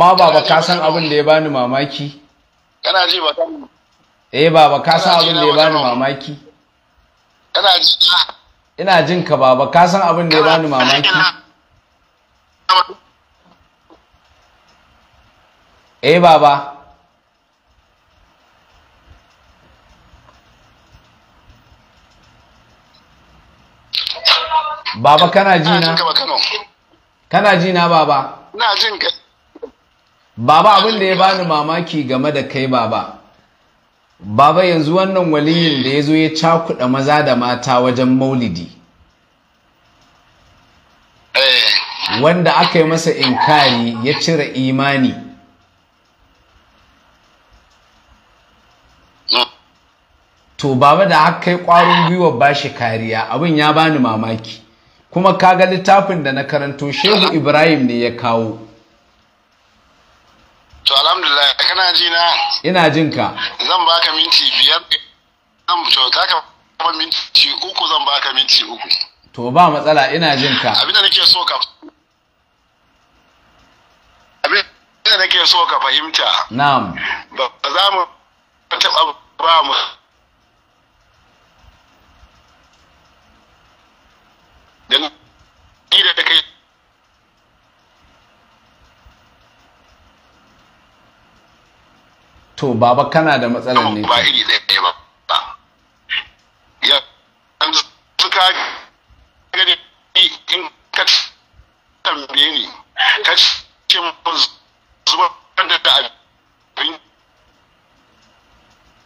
amma baba ka san abin da ya bani mamaki kana ji ba eh baba ka san abin da ya bani mamaki kana ji ina jin ka baba ka san abin da ya bani mamaki eh baba Baba kana ji na? Kana ji na baba? Ina jin ka. baba abin da ya bani mamaki game da kai baba baba yanzu wannan waliyin da ya zo ya cakuɗa maza da mata wajen maulidi eh. wanda aka yi masa inkari ya cire imani mm. to baba da haka yi ƙwarin gwiwa ba shi kariya abin ya bani mamaki kuma kaga littafin da na karanto shehu ibrahim ne ya kawo To alhamdulillah kana ji na? Ina jin ka. Zan baka minti biyar. Zan to za ka ba minti uku zan baka minti uku. To ba matsala ina jin ka. Abin da nake so ka Abin da nake so ka fahimta. Na'am. Ba za mu taɓa ba mu Dan da kai to baba kana da matsalar ne ba iri ɗaya ba ya yanzu ka gani in ka tambaye ni ka ce zuwa da abin sha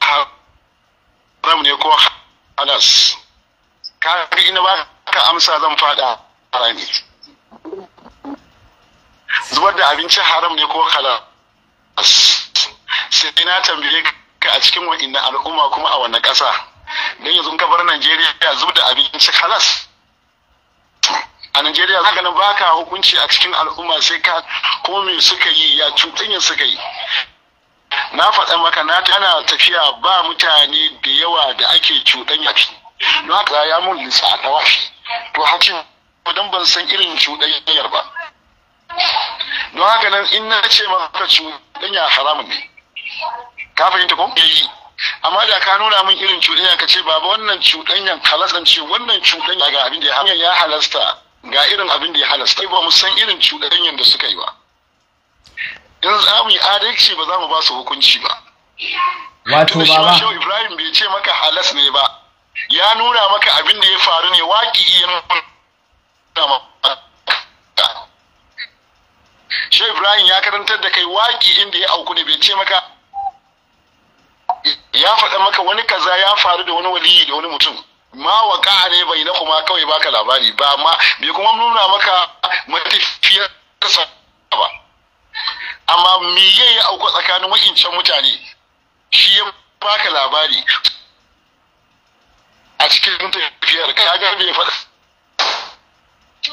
haram ne ko halas ka fi ina ba ka amsa zan fada harami zubar da abinci haram ne ko halas sai na tambaye ka a cikin wa'innan al'umma kuma a wannan ƙasa don yanzu ka bar najeriya zuba da abinci halas a najeriya ka na baka hukunci a cikin al'umma sai ka ko me suka yi ya cutanyin suka yi na faɗa maka na tana tafiya ba mutane da yawa da ake cuɗanya shi na haka ya mun lisa a tawafi to hakin don ban san irin cuɗanyar ba don haka nan in na ce maka cuɗanya haramun ne ka fahimta ko eh amma da ka nuna min irin cuɗanya ka ce baba wannan cuɗanyan halasan ce wannan cuɗanya ga abin da ya halasta ya halasta ga irin abin da ya halasta ba mu san irin cuɗanyan da suka yi ba in za mu yi adalci ba za mu ba su hukunci ba wato baba shi Ibrahim bai ce maka halas ne ba ya nuna maka abin da ya faru ne waƙi iya nuna maka Ibrahim ya karantar da kai waƙi inda ya auku ne bai ce maka ya faɗa maka wani kaza ya faru da wani waliyi da wani mutum ma wa ne bai na kuma kawai baka labari ba ma bai kuma nuna maka matafiyar ba amma me yi auku tsakanin wakincan mutane shi ya baka labari a cikin tafiyar ka ga bai faɗa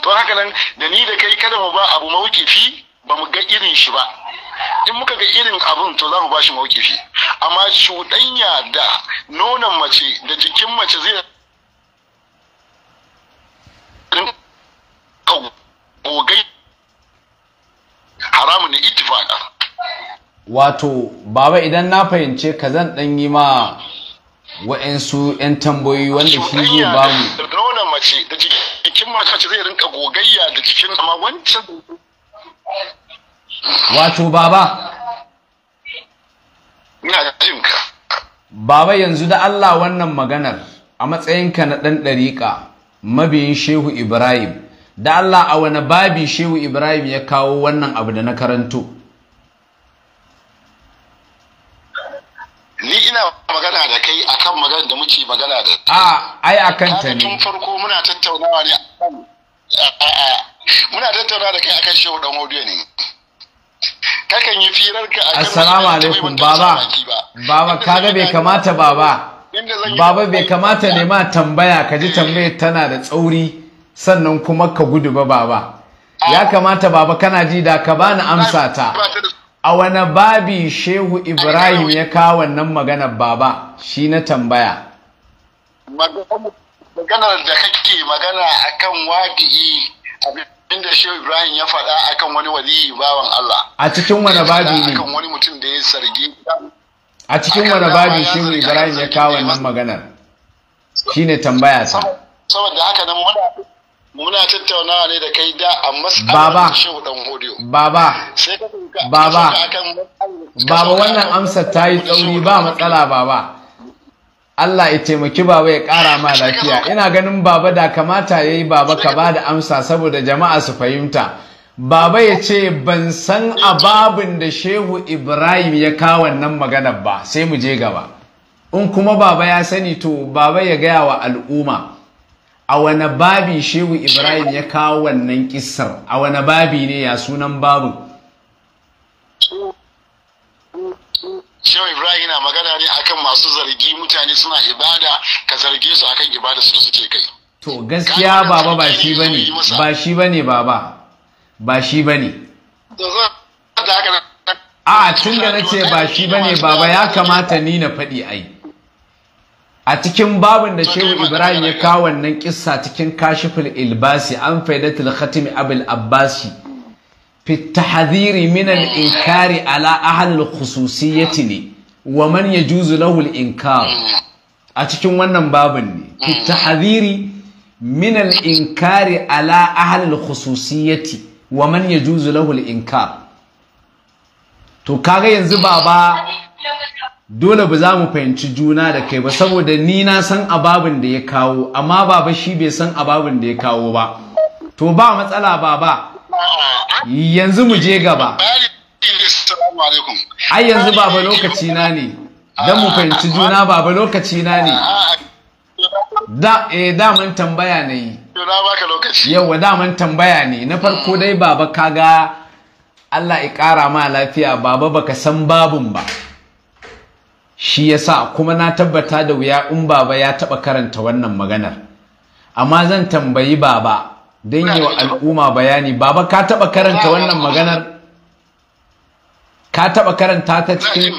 to haka nan da ni da kai kada mu ba abu mawukifi ba mu ga irin shi ba in muka ga irin abun to za mu bashi mawukifi amma cuɗanya da nonon mace da jikin mace zai kogai haramu ne itifaka wato baba idan na fahimce ka zan ɗan yi ma wa'ansu 'yan tambayoyi wanda shi zai ba mu nonon mace da jikin mace zai rinka gogayya da jikin amma wancan wato baba baba yanzu da Allah wannan maganar a matsayinka na ɗan ɗariƙa mabiyin shehu ibrahim da Allah a wani babi shehu ibrahim ya kawo wannan abu da na karanto ni ina magana da kai akan magana da muke magana da a ai akan ta ne tun farko muna tattaunawa ne a muna tattaunawa da kai akan shehu dan audio ne kakan yi firar assalamu alaikum baba baba kaga bai kamata baba baba bai kamata ne ma tambaya ka ji tambayar tana da tsauri sannan kuma ka gudu ba baba ya kamata baba kana ji da ka bani amsa ta a wani babi shehu ibrahim ya kawo wannan magana baba shi na tambaya maganar da kake magana akan waƙi'i inda shehu ibrahim ya faɗa akan wani waliyi bawan allah a cikin wani babi ne akan wani mutum da ya sargi a cikin wani babi shehu ibrahim ya kawo wannan maganar shine tambaya sa saboda haka nan muna muna tattaunawa ne da kai da a mas'alar shehu dan hodiyo baba baba baba wannan amsar ta yi tsauri ba matsala baba Allah ya taimaki baba ya kara ma lafiya ina ganin baba da kamata ya yi baba ka ba da amsa saboda jama'a su fahimta baba ya ce ban san a ababin da shehu ibrahim ya kawo wannan maganar ba sai mu je gaba in kuma baba ya sani to baba ya gaya wa al'umma a wani babi shehu ibrahim ya kawo wannan kissar a wane babi ne ya sunan babu shehu ibrahim yana magana ne akan masu zargi mutane suna ibada ka zarge su akan ibada su suke kai to gaskiya baba ba shi bane ba shi bane baba ba shi bane a tun da na ce ba shi bane baba ya kamata ni na faɗi ai a cikin babin da shehu ibrahim ya kawo wannan kissa cikin kashifin ilbasi an faidatul khatimi abul abbasi fi tahdhiri min al-inkari ala ahli al-khususiyyati ne wa man yajuzu lahu al a cikin wannan babin ne fi tahdhiri min al-inkari ala ahli al-khususiyyati wa man yajuzu lahu al-inkar to kaga yanzu baba dole ba za mu fahimci juna da kai ba saboda ni na san ababin da ya kawo amma baba shi bai san ababin da ya kawo ba to ba matsala baba yanzu mu je gaba ai yanzu baba lokaci na ne don mu fahimci juna baba lokaci na ne da eh daman tambaya ne da daman tambaya ne na farko dai baba kaga Allah ya ƙara ma lafiya baba baka san babun ba shi yasa kuma na tabbata da wuya in baba ya taɓa karanta wannan maganar amma zan tambayi baba don yi wa al'umma bayani baba ka taɓa karanta wannan maganar ka taɓa karanta ta cikin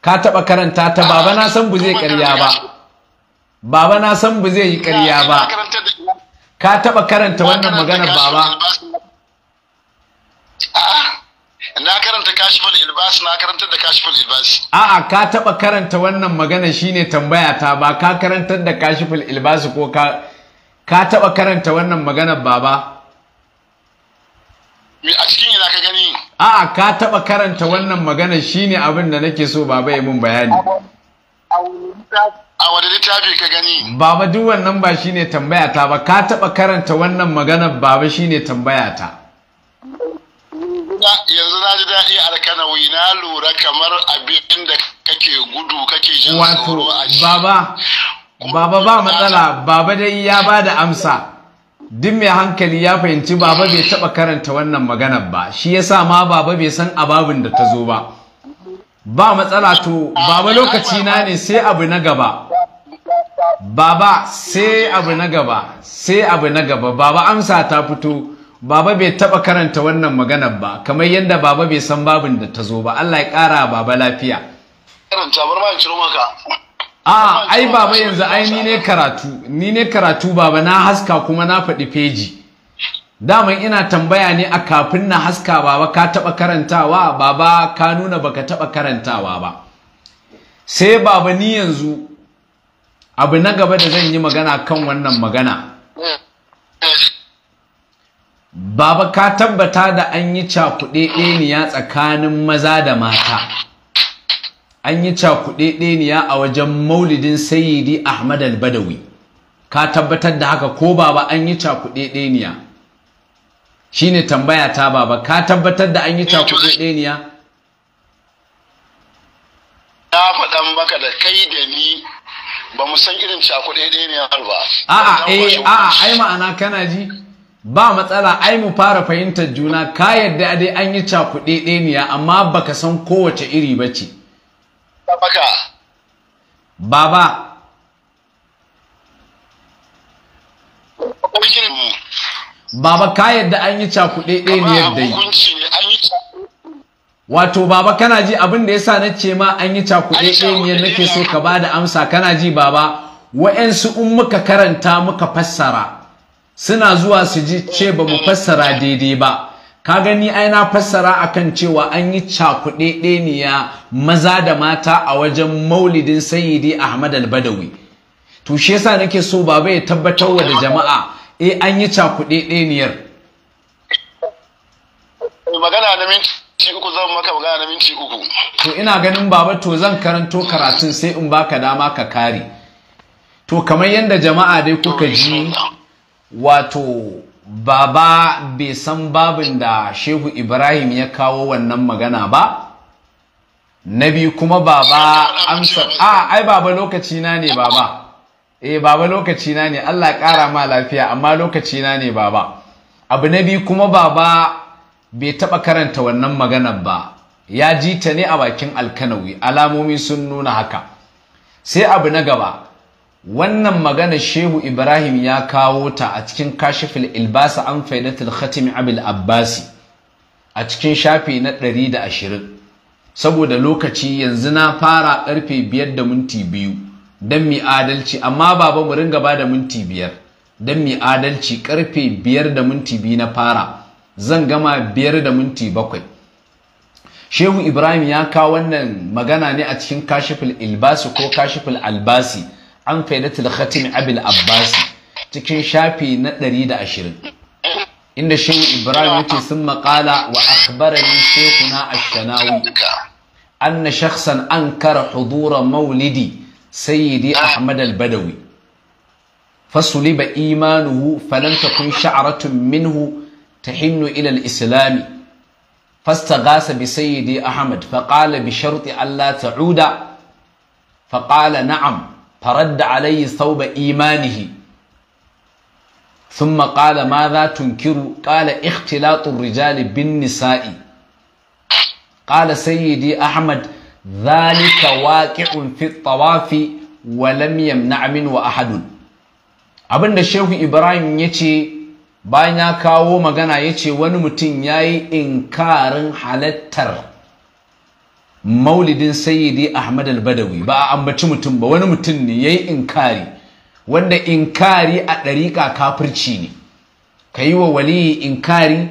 ka taɓa karanta ta baba na san bu zai karya ba baba na san bu zai yi karya ba ka taɓa karanta wannan maganar baba na karanta kashiful ilbas na karanta da kashiful ilbas a'a ka taɓa karanta wannan magana shine tambaya ta ba ka karantar da kashiful ilbas ko ka ka taɓa karanta wannan maganar baba me a cikin yana ka gani a'a ka taɓa karanta wannan maganar shine abin da nake so baba ya mun bayani a wani littafi ka gani baba duk wannan ba shine tambaya ta ba ka taɓa karanta wannan maganar baba shine tambaya ta yanzu na ji daɗi alkanawi na lura kamar abin da kake gudu kake jin tsoro a baba baba ba matsala baba dai ya ba da amsa duk mai hankali ya fahimci baba bai taɓa karanta wannan maganar ba shi yasa ma baba bai san ababin da ta zo ba ba matsala to baba lokaci na ne sai abu na gaba baba sai abu na gaba sai abu na gaba baba amsa ta fito baba bai taba karanta wannan maganar ba kamar yadda baba bai san babin da ta zo ba Allah ya kara baba lafiya a ai baba yanzu ai ni ne karatu ni ne karatu baba na haska kuma na faɗi feji daman ina tambaya ne a kafin na haska baba ka taɓa karantawa baba ka nuna baka taɓa karantawa ba sai baba ni yanzu abu na gaba da zan yi magana kan wannan magana baba ka tabbata da an yi cakuɗe ɗeniya tsakanin maza da mata an yi cakuɗeɗeniya a wajen maulidin sayyidi ahmad al-badawi ka tabbatar da haka ko baba an yi cakuɗeɗeniya ne tambaya ta baba ka tabbatar da an yi cakuɗeɗeniya na faɗan baka da kai da ni ba mu san irin cakuɗeɗeniyar ba a'a a eh, a'a ai ma'ana kana ji ba matsala ai mu fara fahimtar juna ka yadda dai an yi cakuɗeɗeniya amma baka san kowace iri ba ce maka baba Baba ka yadda an yi cakuɗe ɗaya ne yadda yi. Wato baba kana ji abin da yasa na ce ma an yi cakuɗe ɗaya ne nake so ka ba da amsa kana ji baba wa'yansu in muka karanta muka fassara suna zuwa su ji ce ba mu fassara daidai ba. ka gani ai na fassara akan cewa an yi cakuɗeɗeniya maza da mata a wajen maulidin sayyidi ahmad al-Badawi. al-badawi to shi yasa nake so baba ya tabbatar wa da jama'a eh an yi cakuɗeɗeniyar magana na minti uku zan maka magana na minti uku to ina ganin baba to zan karanto karatun sai in baka dama ka kare to kamar yadda jama'a dai kuka ji wato baba bai san babin da shehu ibrahim ya kawo wannan magana ba na kuma kuma baba amsa a ah, ai baba lokaci na ne baba eh baba lokaci na ne allah ƙara ma lafiya amma lokaci na ne baba abu na biyu kuma baba bai taɓa karanta wannan maganar ba ya ji ta ne a bakin alkanawi alamomi sun nuna haka sai abu na gaba wannan magana shehu ibrahim ya kawo ta a cikin kashifin ilbasa an faidatul khatim abil abbasi a cikin shafi na 120 saboda lokaci yanzu na fara karfe 5 da minti biyu don mi adalci amma baba mu ringa ba da minti biyar don mi adalci karfe 5 da minti biyu na fara zan gama 5 da minti bakwai shehu ibrahim ya kawo wannan magana ne a cikin kashifin ilbasi ko kashifin albasi an faidatul khatim abil abbas cikin shafi na 120 inda shehu ibrahim yace sun maƙala wa akhbarani shekuna ash-shanawi anna shakhsan ankara hudura maulidi sayyidi ahmad al-badawi فصلب إيمانه فلم تكن شعرة منه تحن إلى الإسلام فاستغاث بسيدي أحمد فقال بشرط ألا تعود فقال نعم faradda alayhi sauba imanihi ثم قال ماذا تنكر قال اختلاط الرجال بالنساء قال سيدي أحمد ذلك واقع في الطواف ولم يمنع منه أحد abin da shehu ibrahim ya ce bayan kawo magana ya ce wani mutum ya yi inkarin halattar maulidin sayyidi ahmad al-badawi ba a ambaci mutum ba wani mutum ne ya yi inkari wanda inkari a ɗariƙa kafirci ne ka yi wa waliyi inkari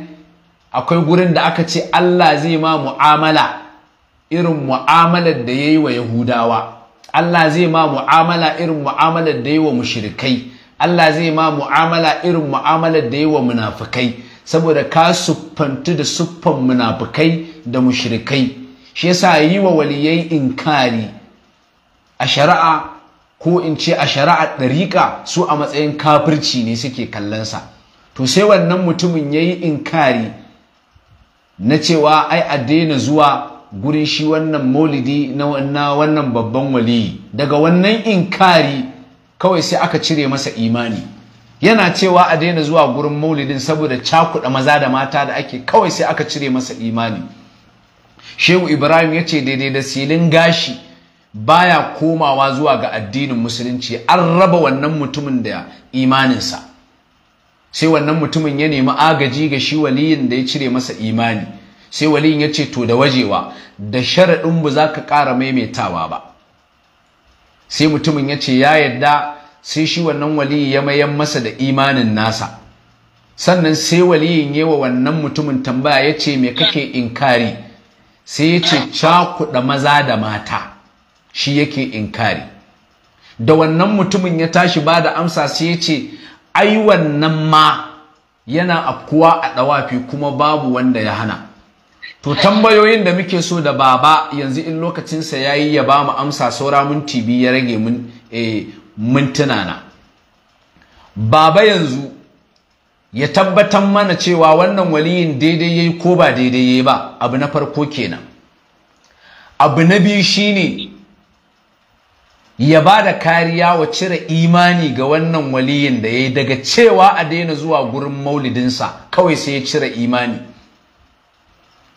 akwai gurin da aka ce Allah zai ma mu'amala irin mu'amalar da ya yi wa yahudawa Allah zai ma mu'amala irin mu'amalar da ya yi wa mushrikai Allah zai ma mu'amala irin mu'amalar da ya yi wa munafukai saboda ka siffantu da siffan munafukai da mushirikai. shi yasa yi wa waliyai inkari a shari'a ko in ce a shari'a ɗariƙa su a matsayin kafirci ne suke kallonsa to sai wannan mutumin ya yi inkari na cewa ai a daina zuwa gurin shi wannan maulidi na wannan babban waliyi daga wannan inkari kawai sai aka cire masa imani yana cewa a daina zuwa gurin maulidin saboda cakuɗa maza da mata da ake kawai sai aka cire masa imani shehu ibrahim ya ce daidai da silin gashi baya komawa zuwa ga addinin musulunci an raba wannan mutumin da imaninsa sai wannan mutumin ya nemi agaji ga shi waliyin da ya cire masa imani sai waliyin ya ce to da wajewa da sharaɗin ba za ka ƙara maimaitawa ba sai mutumin ya ce ya yadda sai shi wannan waliyi ya mayan masa da imanin nasa sannan sai waliyin yi wa wannan mutumin tambaya ya ce me kake inkari sai ya ce cakuɗa maza da mata shi yake inkari da wannan mutumin ya tashi ba da amsa sai ya ce ai wannan ma yana afkuwa a ɗawafi kuma babu wanda ya hana to tambayoyin da muke so da baba yanzu in lokacinsa ya yi ya ba mu amsa saura minti biyu ya rage eh, mintuna na baba yanzu ya tabbatar mana cewa wannan waliyin daidai yayi ko ba daidai yayi ba abu na farko kenan abu na biyu shine ya ba da kariya wa cire imani ga wannan waliyin da ya daga cewa a daina zuwa gurin maulidinsa kawai sai ya cire imani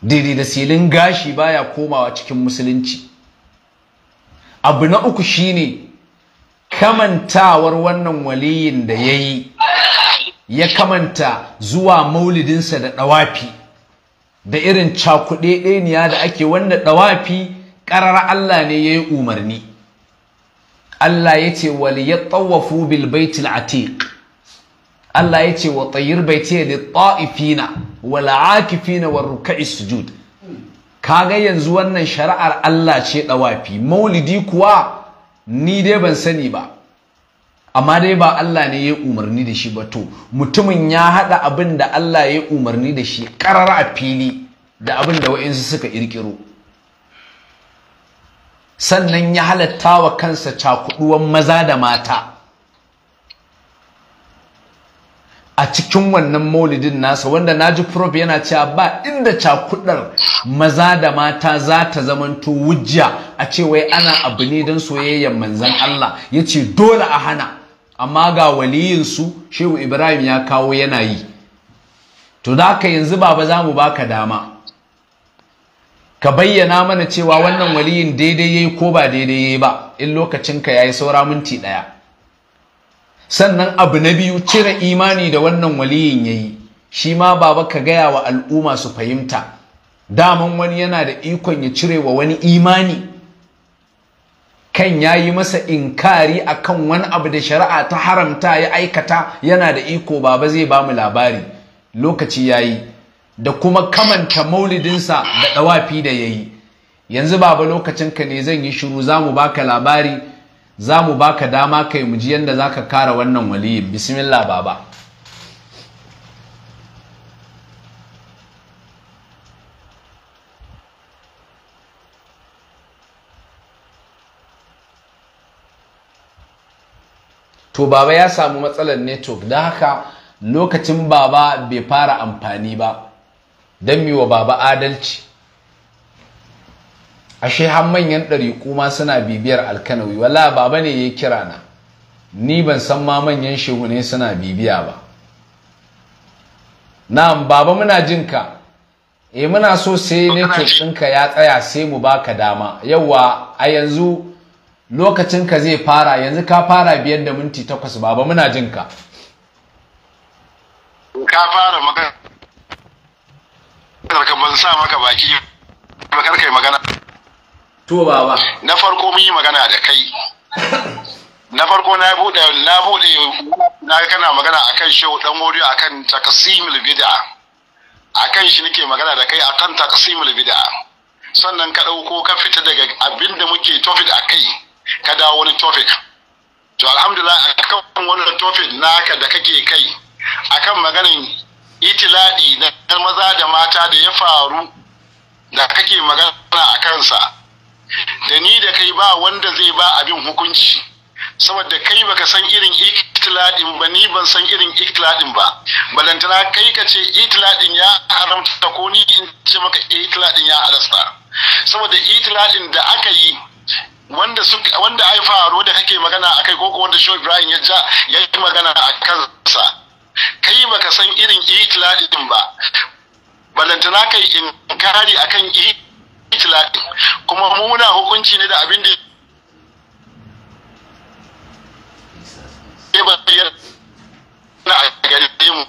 daidai da silin gashi baya komawa cikin musulunci abu na uku shine kamantawar wannan waliyin da ya yi ya kamanta zuwa maulidinsa da ɗawafi da irin ɗaya-ɗaya da ake wanda ɗawafi ƙarar Allah ne ya yi umarni Allah ya ce wali ya tsawafu bil baitil atiq Allah ya ce wa tsayir baiti da ta'ifina wal akifina wa ruka'i sujud kaga yanzu wannan shari'ar Allah ce ɗawafi maulidi kuwa ni dai ban sani ba amma dai ba Allah ne ya umarni da shi ba to mutumin ya haɗa abin da Allah ya umarni da shi ƙarar a fili da abin da wa'insu suka ƙirƙiro sannan ya halatta wa kansa cakuɗuwan maza da mata a cikin wannan maulidin nasa wanda na ji prof yana cewa ba inda cakudar maza da mata za ta zamanto wujja a ce wai ana abu ne don soyayyar manzan Allah yace dole a hana amma ga waliyinsu shehu ibrahim ya kawo yana yi to da haka yanzu baba za mu baka dama ka bayyana mana cewa wannan waliyin daidai ya yi ko ba daidai ya yi ba in lokacinka yi saura minti ɗaya sannan abu na biyu cire imani da wannan waliyin yi shi ma baba ka gaya wa al'umma su fahimta daman wani yana da ikon ya cire wa wani imani kan ya yi masa inkari a kan wani abu da shari'a ta haramta ya aikata yana da iko baba zai ba mu labari lokaci ya yi da kuma kamanta maulidinsa da ɗawafi da ya yi yanzu baba lokacinka ne zan yi shiru za mu ba ka labari za mu ba ka dama kai mu ji yadda za ka kara wannan waliyin bismillah baba to baba ya samu matsalar network da haka lokacin baba bai fara amfani ba don mi baba adalci ashe har manyan ɗariƙu ma suna bibiyar alkanawi wala baba ne ya kira na ni ban san ma manyan shehu ne suna bibiya ba na'am baba muna jin ka e muna so sai network ɗinka ya tsaya sai mu baka dama yauwa a yanzu lokacin ka zai fara yanzu ka fara biyar da minti takwas baba muna jin ka ka fara magana ka ban sa maka baki ba kar kai magana to baba na farko mun yi magana da kai na farko na bude na bude na kana magana akan show dan wuri akan takasimul bid'a akan shi nake magana da kai akan takasimul bid'a sannan ka dauko ka fita daga abinda muke tofit kai. ka dawo wani tofik. to alhamdulillah akan wannan tofik naka da kake kai akan maganin itiladi na maza da mata da ya faru da kake magana a kansa da ni da kai ba wanda zai ba abin hukunci saboda kai baka san irin itiladin ba ni ban san irin itiladin ba balantana kai ka ce itiladin ya haramta ko ni in ce maka itiladin ya halasta saboda itiladin da aka yi wanda su wanda ai faro da kake magana akai ko wanda Shehu Ibrahim ya ja ya yi magana a kansa kai baka san irin itlaqin ba balantana kai in kari akan itlaqin kuma muna hukunci ne da abin da ya na a gare mu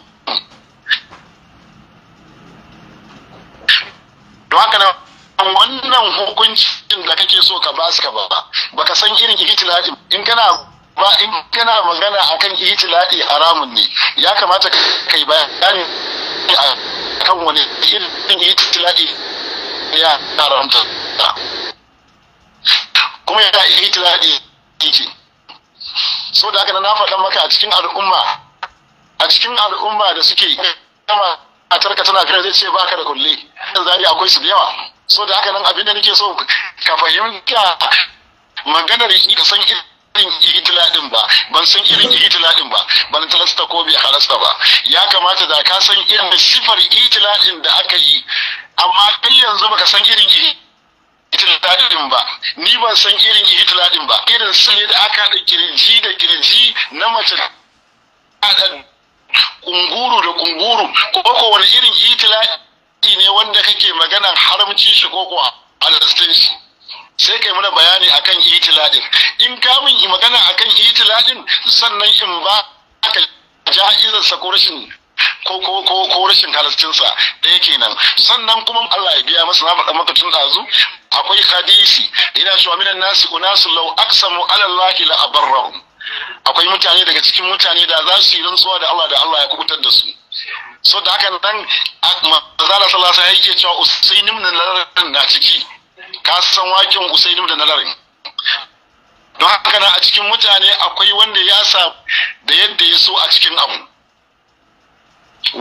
don haka na wannan hukuncin da kake so ka ba su ka ba baka san irin ihtilali in kana ba in kana magana akan ihtilali haramun ne ya kamata kai bayani kan wani irin ihtilali ya haramta kuma ya ihtilali yake so da haka na faɗa maka a cikin al'umma a cikin al'umma da suke kama a tarka tana kare zai ce baka da kulle zari akwai su da yawa so da haka nan abinda nake so ka fahimta maganar ka san irin ihitila din ba ban san irin ihitila din ba ban talasta ko bai halasta ba ya kamata da ka san irin sifar ihitila din da aka yi amma kai yanzu baka san irin ihitila din ba ni ban san irin ihitila din ba irin sai da aka da kirji da kirji na mace kunguru da kunguru ko ko wani irin ihitila haƙƙi ne wanda kake maganan haramci shi ko kuwa halastin sai kai mana bayani akan itiladin in ka min yi magana akan itiladin sannan in ba ka ja'izarsa ko rashin ko ko ko ko rashin halastinsa ɗaya kenan sannan kuma Allah ya biya masa na faɗa maka tun ɗazu akwai hadisi ina cewa minan nasi unasu law lau ala Allah la akwai mutane daga cikin mutane da za su yi rantsuwa da Allah da Allah ya kubutar da su so da haka nan mazala salasa ya yake cewa usainim da nalarin na ciki ka san wakin usainim da nalarin don haka nan a cikin mutane akwai wanda ya sa da yadda ya so a cikin abu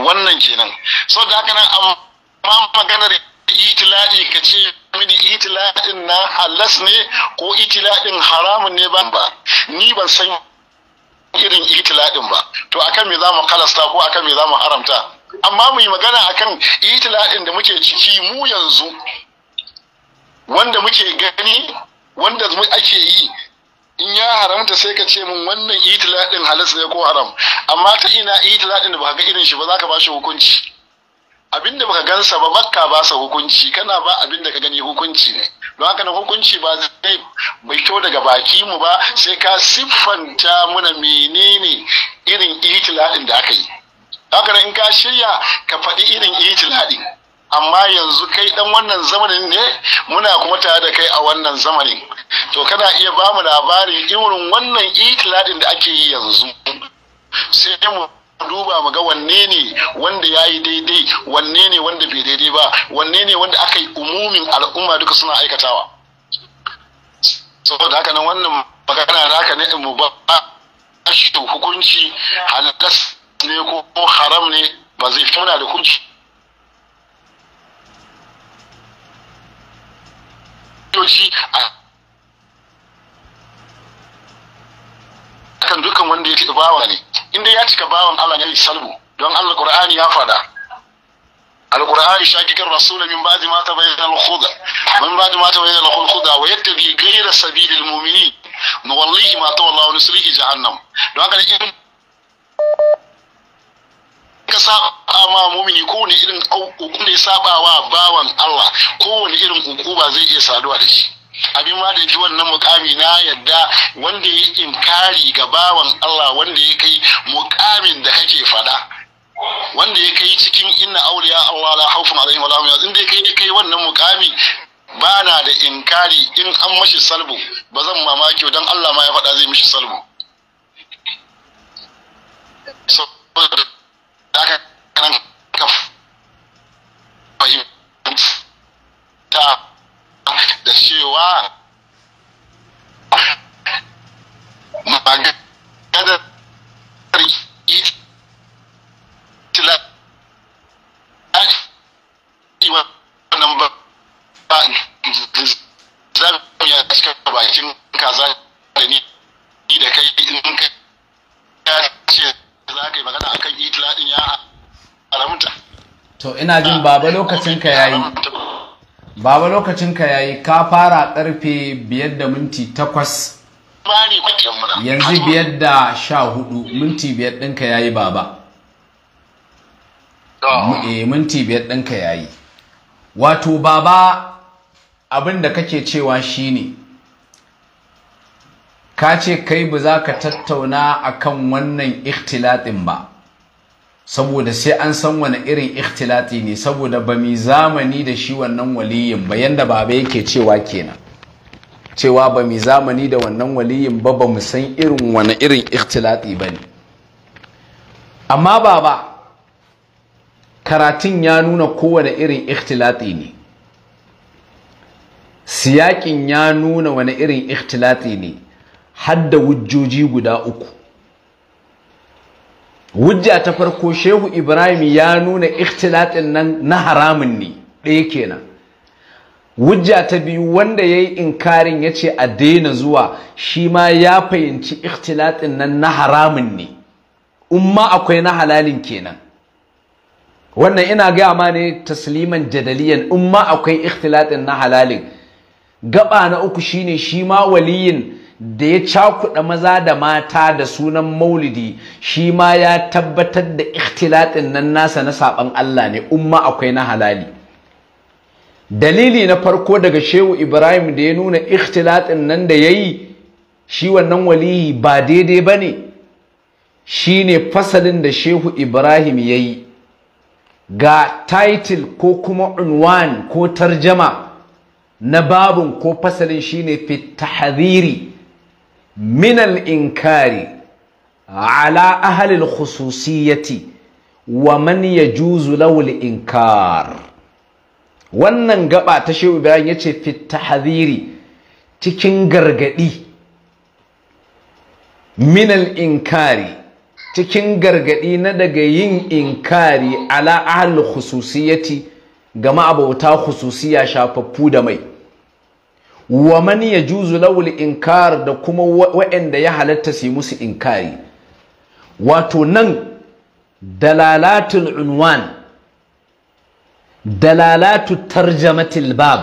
wannan kenan so da haka nan amma maganar itila'i ka ce mini itila'in na halas ne ko itila'in haramun ne ban ba ni ban san irin itiladin ba to akan me zamu kalasta ko akan me zamu haramta amma mu yi magana akan itiladin da muke ciki mu yanzu wanda muke gani wanda ake yi in ya haramta sai ka ce min wannan itiladin halas ne ko haram amma ta ina itiladin da baka ga irin shi ba zaka ba shi hukunci abinda baka gansa ba bakka ba sa hukunci kana ba abinda ka gani hukunci ne don haka na hukunci ba zai kyau daga baki mu ba sai ka siffanta muna menene irin itiladin da aka yi haka in ka shirya ka faɗi irin itiladin amma yanzu kai dan wannan zamanin ne muna kuma tare da kai a wannan zamanin to kana iya ba mu labarin irin wannan itiladin da ake yi yanzu sai mu duba mu ga wanne ne wanda ya yi daidai wanne ne wanda bai daidai ba wanne ne wanda aka yi umumin al'umma duka suna aikatawa saboda haka nan wannan magana da haka ne mu ba shi hukunci halas ne ko haram ne ba zai fi da hukunci a akan dukkan wanda ya cika bawa ne inda ya cika bawan Allah ya yi salbu don Allah Qur'ani ya fada Al-Qur'ani shakikar rasul min ba'di ma tabayyana al-khuda min ba'di ma tabayyana al-khuda wa yattabi ghayra sabilil mu'minin nuwallihi ma tawalla wa nusrihi jahannam don haka in ka saba ma mu'mini ko ne irin ko ne saba wa bawan Allah ko ne irin hukuma zai iya saduwa da shi abin ma da ya fi wannan mukami na yadda wanda ya inkari ga bawan Allah wanda ya kai mukamin da kake fada wanda ya kai cikin inna auliya Allah la haufun alaihim wala hum yahzanun inda kai kai wannan mukami ba na da inkari in an mashi salbu ba zan mamaki don Allah ma ya faɗa zai mishi salbu saboda haka kan ka fahimta cewa maganar itila wannan ba za mu ya cika bakin kaza da ni da kai in kai ya ce za ka yi magana akan itila din ya haramta to ina jin baba lokacin ka yayi baba lokacinka ya yi ka fara karfe biyar da minti takwas yanzu biyar da sha hudu minti biyar ɗinka ya yi baba eh, minti biyar ɗinka ya wato baba abin da kake cewa shi ne. ka ce kai ba za ka tattauna akan wannan ikhtilatin ba saboda sai an san wani irin ikhtilati ne saboda ba mi zamani da shi wannan waliyin ba yanda baba yake cewa kenan cewa ba mi zamani da wannan waliyin ba ba mu san irin wani irin ikhtilati ba ne amma baba karatun ya nuna kowane irin ikhtilati ne siyakin ya nuna wani irin ikhtilati ne hadda wujjoji guda uku hujja ta farko shehu ibrahim ya nuna ikhtilatin nan na haramun ne ɗaya kenan hujja ta biyu wanda ya yi inkarin ya ce a daina zuwa shi ma ya fahimci ikhtilatin nan na haramun ne in ma akwai na halalin kenan wannan ina gaya ma ne tasliman jadaliyan Umma akwai ikhtilatin na halalin gaba na uku shine shi ma waliyin da ya cakuɗa maza da mata da sunan maulidi shi ma ya tabbatar da ikhtilatin nan nasa na saɓan Allah ne umma akwai na halali dalili na farko daga shehu ibrahim da ya nuna ikhtilatin nan da ya yi shi wannan waliyi ba daidai ba ne shi ne fasalin da shehu ibrahim ya yi ga title ko kuma unwan ko tarjama na babin ko fasalin shine ne tahadhiri minal inkari ala أهل الخصوصية wa man له lawul inkar wannan gaba ta shehu ya yace fi tahdhiri cikin gargadi minal inkari cikin gargadi na daga yin inkari ala ahli khususiyati ga ma'abauta khususiya shafaffu da mai wa man juzu lawul inkar da kuma wa'anda ya halatta su musu inkari wato nan dalalatul unwan dalalatu tarjamatil bab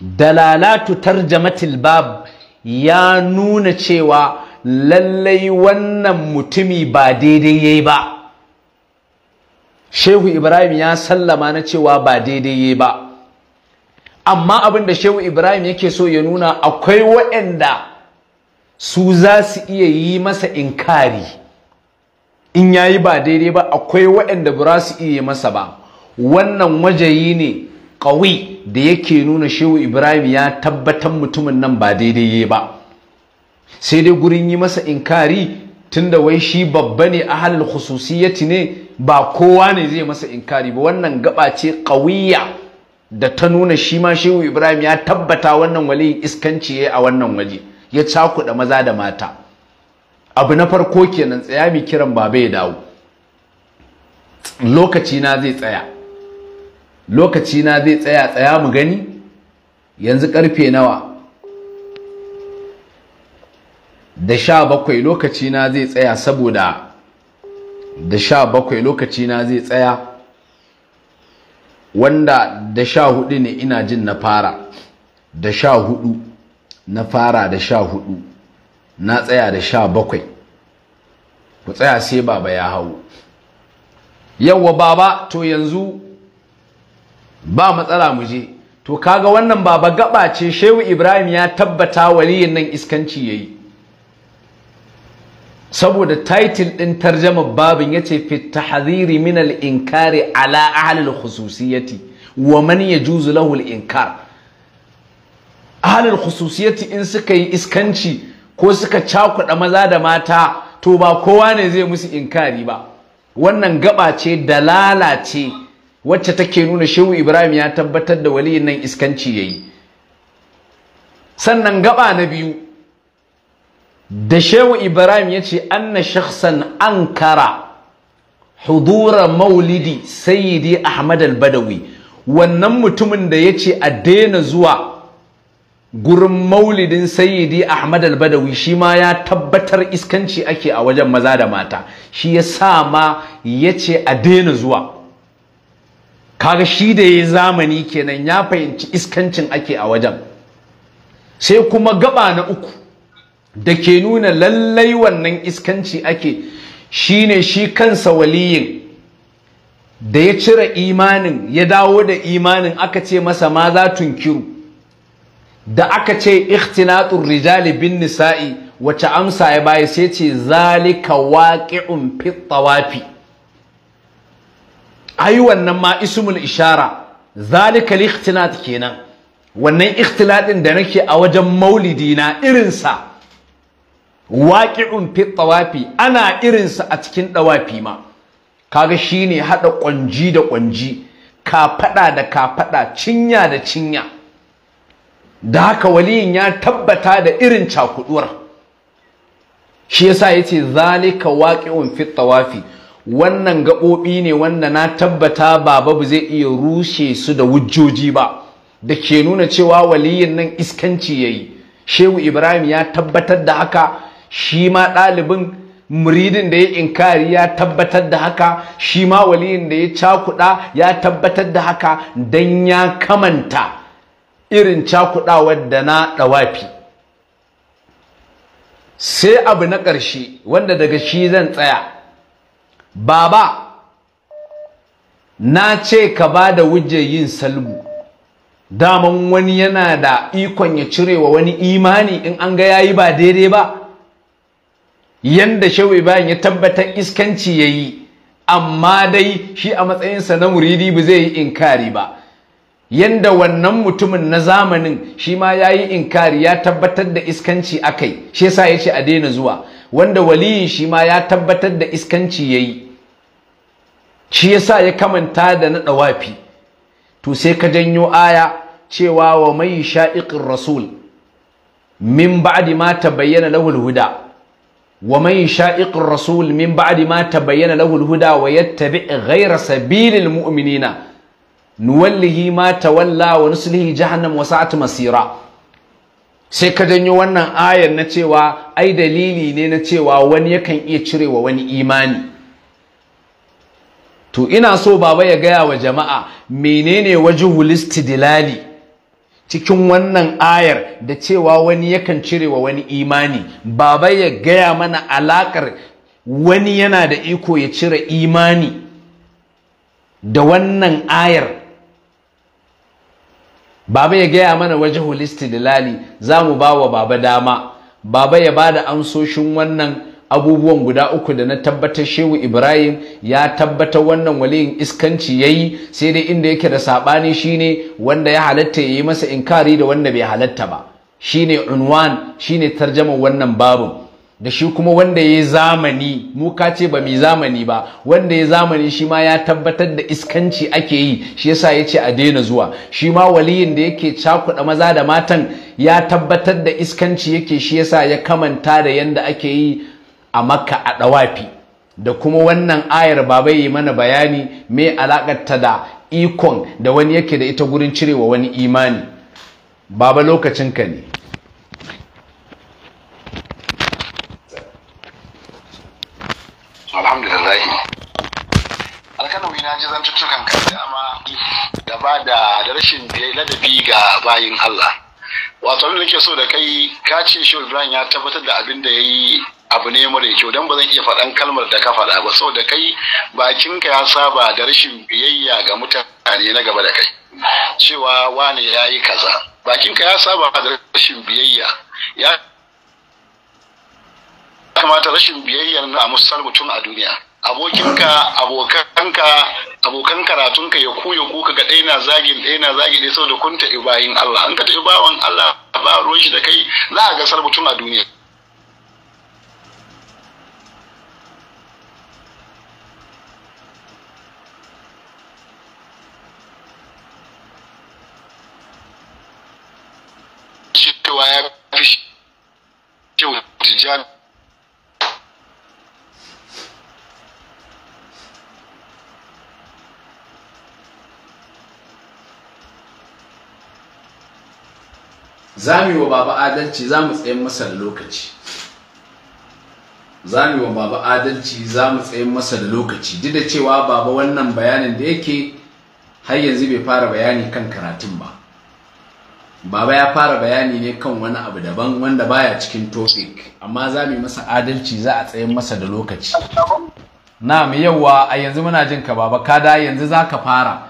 dalalatu tarjamatil bab ya nuna cewa lallai wannan mutumi ba daidai yayi ba shehu ibrahim ya sallama na cewa ba daidai ya ba amma abin da shehu ibrahim yake so ya nuna akwai waɗanda su za su iya yi masa inkari in yayi ba daidai ba akwai waɗanda ba su iya masa ba wannan wajayi ne ƙawi da yake nuna shehu ibrahim ya tabbatar mutumin nan ba daidai ba sai dai gurin yi masa inkari tunda wai shi babba ne a halin ne ba kowa ne zai masa inkari ba wannan gaba ce ƙawiyya da ta nuna shi ma shehu ibrahim ya tabbata wannan waliyin iskanci ya a wannan waje ya cakuɗa maza da mata abu na farko kenan tsaya mai kiran baba ya dawo lokaci na zai tsaya lokaci na zai tsaya tsaya mu gani yanzu karfe nawa da sha bakwai lokaci na zai tsaya saboda da sha bakwai lokaci na zai tsaya wanda da sha hudu ne ina jin na fara da sha hudu na fara da sha hudu na tsaya da sha bakwai ku tsaya sai baba ya hau yawwa baba to yanzu ba matsala mu je to kaga wannan baba gaba ce shehu ibrahim ya tabbata waliyin nan iskanci ya yi. saboda title din tarjama babin yace fi tahdhiri min al inkari ala ahli al khususiyati wa man yajuzu lahu al inkar ahli al khususiyati in suka yi iskanci ko suka cakuɗa maza da mata to ba kowa ne zai musu inkari ba wannan gaba ce dalala ce wacce take nuna shehu ibrahim ya tabbatar da waliyin nan iskanci yayi sannan gaba na biyu da shehu ibrahim ya ce anna shakhsan ankara hudura maulidi Sayidi ahmad al-badawi wannan mutumin da ya ce a daina zuwa gurin maulidin Sayidi ahmad al-badawi shi ma ya tabbatar iskanci ake a wajen maza da mata shi ya sa ma ya ce a daina zuwa kaga shi da ya zamani kenan ya fahimci iskancin ake a wajen sai kuma gaba na uku da ke nuna lallai wannan iskanci ake shine shi kansa waliyin da ya cire imanin ya dawo da imanin aka ce masa ma za tunkiru da aka ce ikhtilatul rijali bin nisa'i wace amsa ya baya sai ce zalika waqi'un fi tawafi ai wannan ma ismul ishara zalika ikhtilat kenan wannan ikhtilatin da nake a wajen maulidi na irinsa waqi'un fi tawafi ana irinsa a cikin dawafi ma kaga shine hada kwanji da kwanji kafada da kafada cinya da cinya da haka waliyin ya tabbata da irin cakuduwar shi yasa yace zalika waqi'un fi tawafi wannan gaɓoɓi ne wanda na tabbata baba ba zai iya rushe su da wujjoji ba da ke nuna cewa waliyin nan iskanci yayi shehu ibrahim ya tabbatar da haka shi ma ɗalibin muridin da ya inkari ya tabbatar da haka shi ma waliyin da ya cakuɗa ya tabbatar da haka Don ya kamanta irin cakuɗawar da na ɗawafi sai abu na ƙarshe wanda daga shi zan tsaya baba na ce ka ba da wujen yin salmu daman wani yana da ikon ya cire wa wani imani in an ga yayi ba daidai ba yanda shehu ibrahim ya tabbatar iskanci yayi amma dai shi a matsayinsa na muridi ba zai yi inkari ba yanda wannan mutumin na zamanin shi ma ya yi inkari ya tabbatar da iskanci akai shi yasa ya ce a daina zuwa wanda waliyin shi ma ya tabbatar da iskanci ya yi shi yasa ya kamanta da na ɗawafi to sai ka janyo aya cewa wa mai sha'iƙin rasul min ba'di ma bayyana lahul huda ومن يشاقق الرسول من بعد ما تبين له الهدى ويتبع غير سبيل المؤمنين nuwallihi ma tawalla wa nuslihi jahannam wa sa'at masira sai ka janyo wannan ayar na cewa ai dalili ne na cewa wani yakan iya cirewa wani imani to ina so baba ya gaya wa jama'a menene wajihul istidlali cikin wannan ayar da cewa wani yakan cire wa wani imani baba ya gaya mana alakar wani yana da iko ya cire imani da wannan ayar baba ya gaya mana waje holistililali za mu ba wa baba dama baba ya ba da amsoshin wannan abubuwan guda uku da na tabbatar shehu ibrahim ya tabbatar wannan waliyin iskanci ya yi sai dai inda yake da saɓani shine wanda ya halatta ya yi masa inkari da wanda bai halatta ba shine unwan shine tarjama wannan babin da shi kuma wanda ya zamani mu ka ce ba mai zamani ba wanda ya zamani shi ma ya tabbatar da iskanci ake yi shi yasa ya ce a daina zuwa shi ma waliyin da yake cakuɗa maza da matan ya tabbatar da iskanci yake shi yasa ya kamanta da yanda ake yi a makka a ɗawafi da kuma wannan ayar babai yi mana bayani me alakarta da ikon da wani yake da ita gurin cirewa wani imani baba lokacinka ne alhamdulillah alkanawi na ji amma da da rashin ladabi ga bayin Allah wato abin da nake so da kai ka ce shi ya tabbatar da abin da ya yi abu ne mara kyau don ba zan iya faɗan kalmar da ka faɗa ba saboda kai bakinka ya saba da rashin biyayya ga mutane na gaba da kai cewa wane ya yi kaza bakinka ya saba da rashin biyayya ya kamata rashin biyayyar na musar mutum a duniya abokinka abokanka abokan karatunka ya ku ya ku ka ga ɗaya na zagin ɗaya na zagin saboda kun taɓi bayin Allah an ka taɓi bawan Allah ba ruwan shi da kai za a ga sarbutun a duniya cewa ya fi shehu tijjani za mu yi wa baba adalci za mu tsayin masa da lokaci za mu yi wa baba adalci za mu tsayin masa da lokaci duk da cewa baba wannan bayanin da yake har yanzu bai fara bayani kan karatun ba baba ya fara bayani ne kan wani abu daban wanda baya cikin topic amma za mu yi masa adalci za a tsayin masa da lokaci na'am yawa a yanzu muna jin ka baba ka da yanzu za ka fara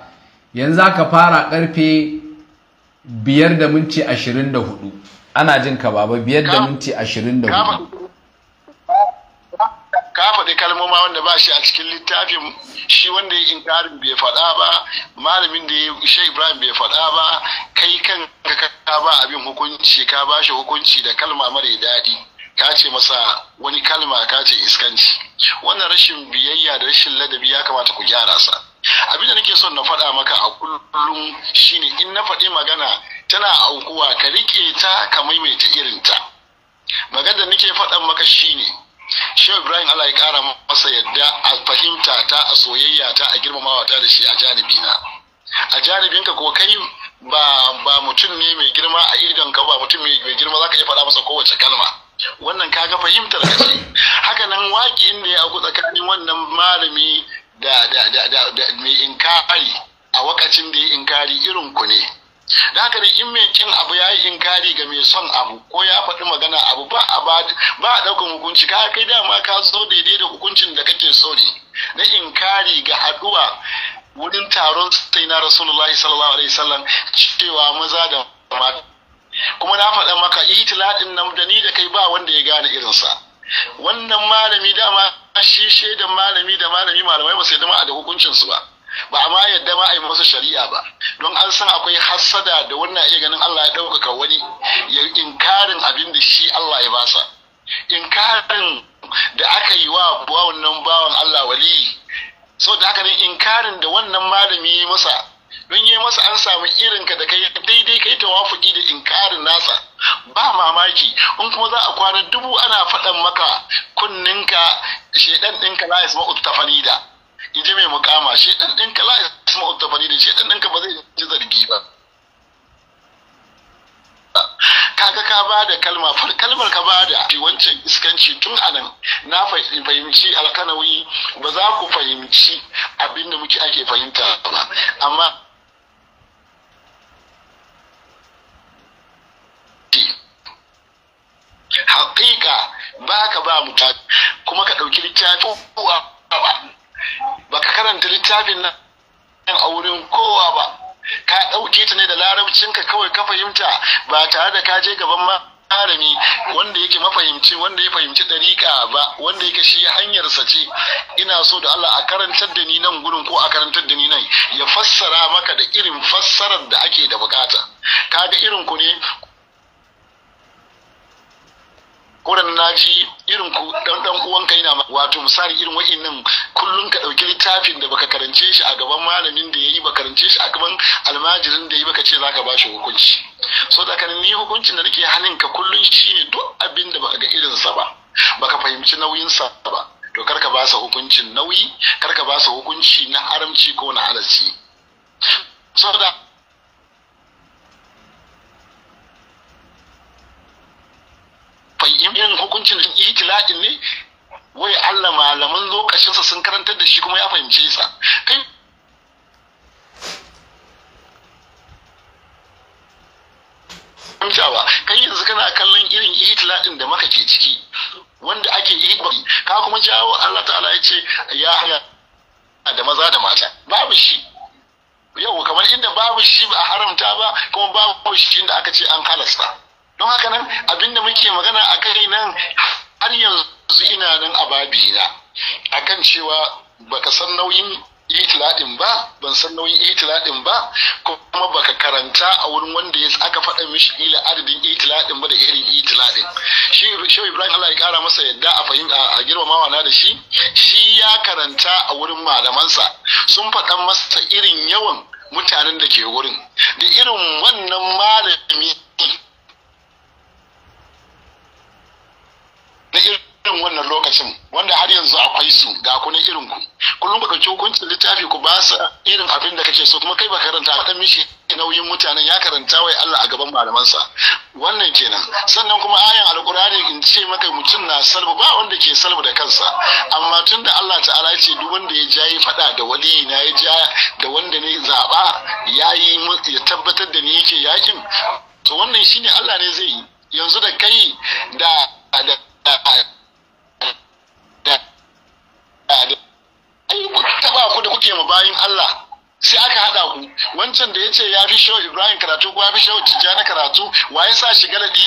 yanzu za ka fara karfe biyar da minti ashirin da hudu ana jin ka baba biyar da minti ashirin da hudu ka faɗi kalmoma wanda ba shi a cikin littafin shi wanda ya inkarin bai faɗa ba malamin da ya shi ibrahim bai faɗa ba kai kan ka ba abin hukunci ka ba shi hukunci da kalma mara daɗi ka ce masa wani kalma ka ce iskanci wannan rashin biyayya da rashin ladabi ya kamata ku gyara sa abin da nake son na faɗa maka a kullum shine in na faɗi magana tana aukuwa ka riƙe ta ka maimaita ta. magana da nake faɗan maka shine shehu ibrahim allah ya kara masa yadda a fahimta ta a soyayya ta a girmamawa ta da shi a janibi a janibinka ko kai ba mutum ne mai girma a idon ka ba mutum mai girma zaka iya faɗa masa kowace kalma wannan kaga fahimtar ka ce haka nan waki inda ya auku tsakanin wannan malami da da da da mai inkari a wakacin da ya inkari irin ku ne da haka in mai kin abu ya yi inkari ga mai son abu ko ya faɗi magana abu ba a ba a ɗaukar hukunci ka kai dama ka zo daidai da hukuncin da kake so ne na inkari ga haɗuwa wurin taron sai na rasulullahi sallallahu alaihi sallam cewa maza da mata kuma na faɗa maka itiladin nan da ni da kai ba wanda ya gane irinsa wannan malami dama shi da malami da malami malamai ba sai dama a da hukuncinsu ba ba a ma yadda ma a yi masa shari'a ba don an san akwai hassada da wannan iya ganin Allah ya ɗaukaka wani ya inkarin abin da shi Allah ya basa inkarin da aka yi wa wannan bawan Allah wali so da haka ne inkarin da wannan malami ya yi masa don yi masa an samu ka da kai daidai kai ta tawafuki da inkarin nasa ba mamaki in kuma za a kwana dubu ana faɗan maka kunninka shaidan ɗinka la yasma'u tafanida in ji mai mukama shi dan din ɗinka la isma uttafani da shi dan din ka ba zai ji zargi ba kaga ka ba da kalma far kalmar ka ba da ki wancan iskanci tun anan na fahimci alkanawi ba za ku fahimci abin da muke ake fahimta ba amma haƙiƙa ba ka ba mutane kuma ka ɗauki littafi baka karanta littafin nan a wurin kowa ba ka ɗauke ta ne da larabcinka kawai ka fahimta ba tare da ka je gaban ma harami wanda yake mafahimci wanda ya fahimci dariƙa ba wanda yake shi hanyarsa ce ina so da Allah a karantar da ni nan gurin ko a karantar da ni nan ya fassara maka da irin fassarar da ake da bukata kaga irin ku ne Wurin na ji irin ku dan dan uwanka yana wato misali irin wa'annan kullun ka dauki littafin da baka karance shi a gaban malamin da yayi baka karance shi a gaban almajirin da yayi baka ce zaka bashi hukunci so da kan ni hukuncin da nake halin ka kullun shine duk abin da baka ga irin sa ba baka fahimci nauyin sa ba to karka ba sa hukuncin nauyi karka ba sa hukunci na haramci ko na halacci so yin hukuncin da itila'in ne wai Allah malaman lokacinsa sun karantar da shi kuma ya fahimci sa kai yanzu kana kallon irin itila'in da maka ke ciki wanda ake ihibari ka kuma jawo Allah ta'ala ya ce ya haya da maza da mata babu shi yau kamar inda babu shi ba a haramta ba kuma babu shi inda aka ce an halasta don haka nan abinda muke magana a kai nan har yanzu ina nan a babina akan cewa baka san nauyin itiladin ba ban san nauyin itiladin ba kuma baka karanta a wurin wanda ya aka faɗa mishi ila adadin itiladin ba da irin itiladin shi shi ibrahim allah ya kara masa yadda a fahimta a girmamawa na da shi shi ya karanta a wurin malamansa sun faɗa masa irin yawan mutanen da ke wurin da irin wannan malami na irin wannan lokacin wanda har yanzu akwai su ga ku irin ku kullum baka ci hukuncin littafi ku ba sa irin abin da kake so kuma kai ba karanta ba mishi nauyin mutanen ya karanta wai Allah a gaban malamansa wannan kenan sannan kuma ayan alkurani in ce maka mutum na salbu ba wanda ke salbu da kansa amma tun da Allah ta'ala ce duk wanda ya ja yi fada da wali na ya ja da wanda ne zaba ya ya tabbatar da ni yake yakin to wannan shine Allah ne zai yi yanzu da kai da da ba ku da kuke ma bayin Allah sai aka haɗa ku wancan da ya ce ya fi shau Ibrahim karatu ko ya fi shau Tijjani karatu waye sa shi galadi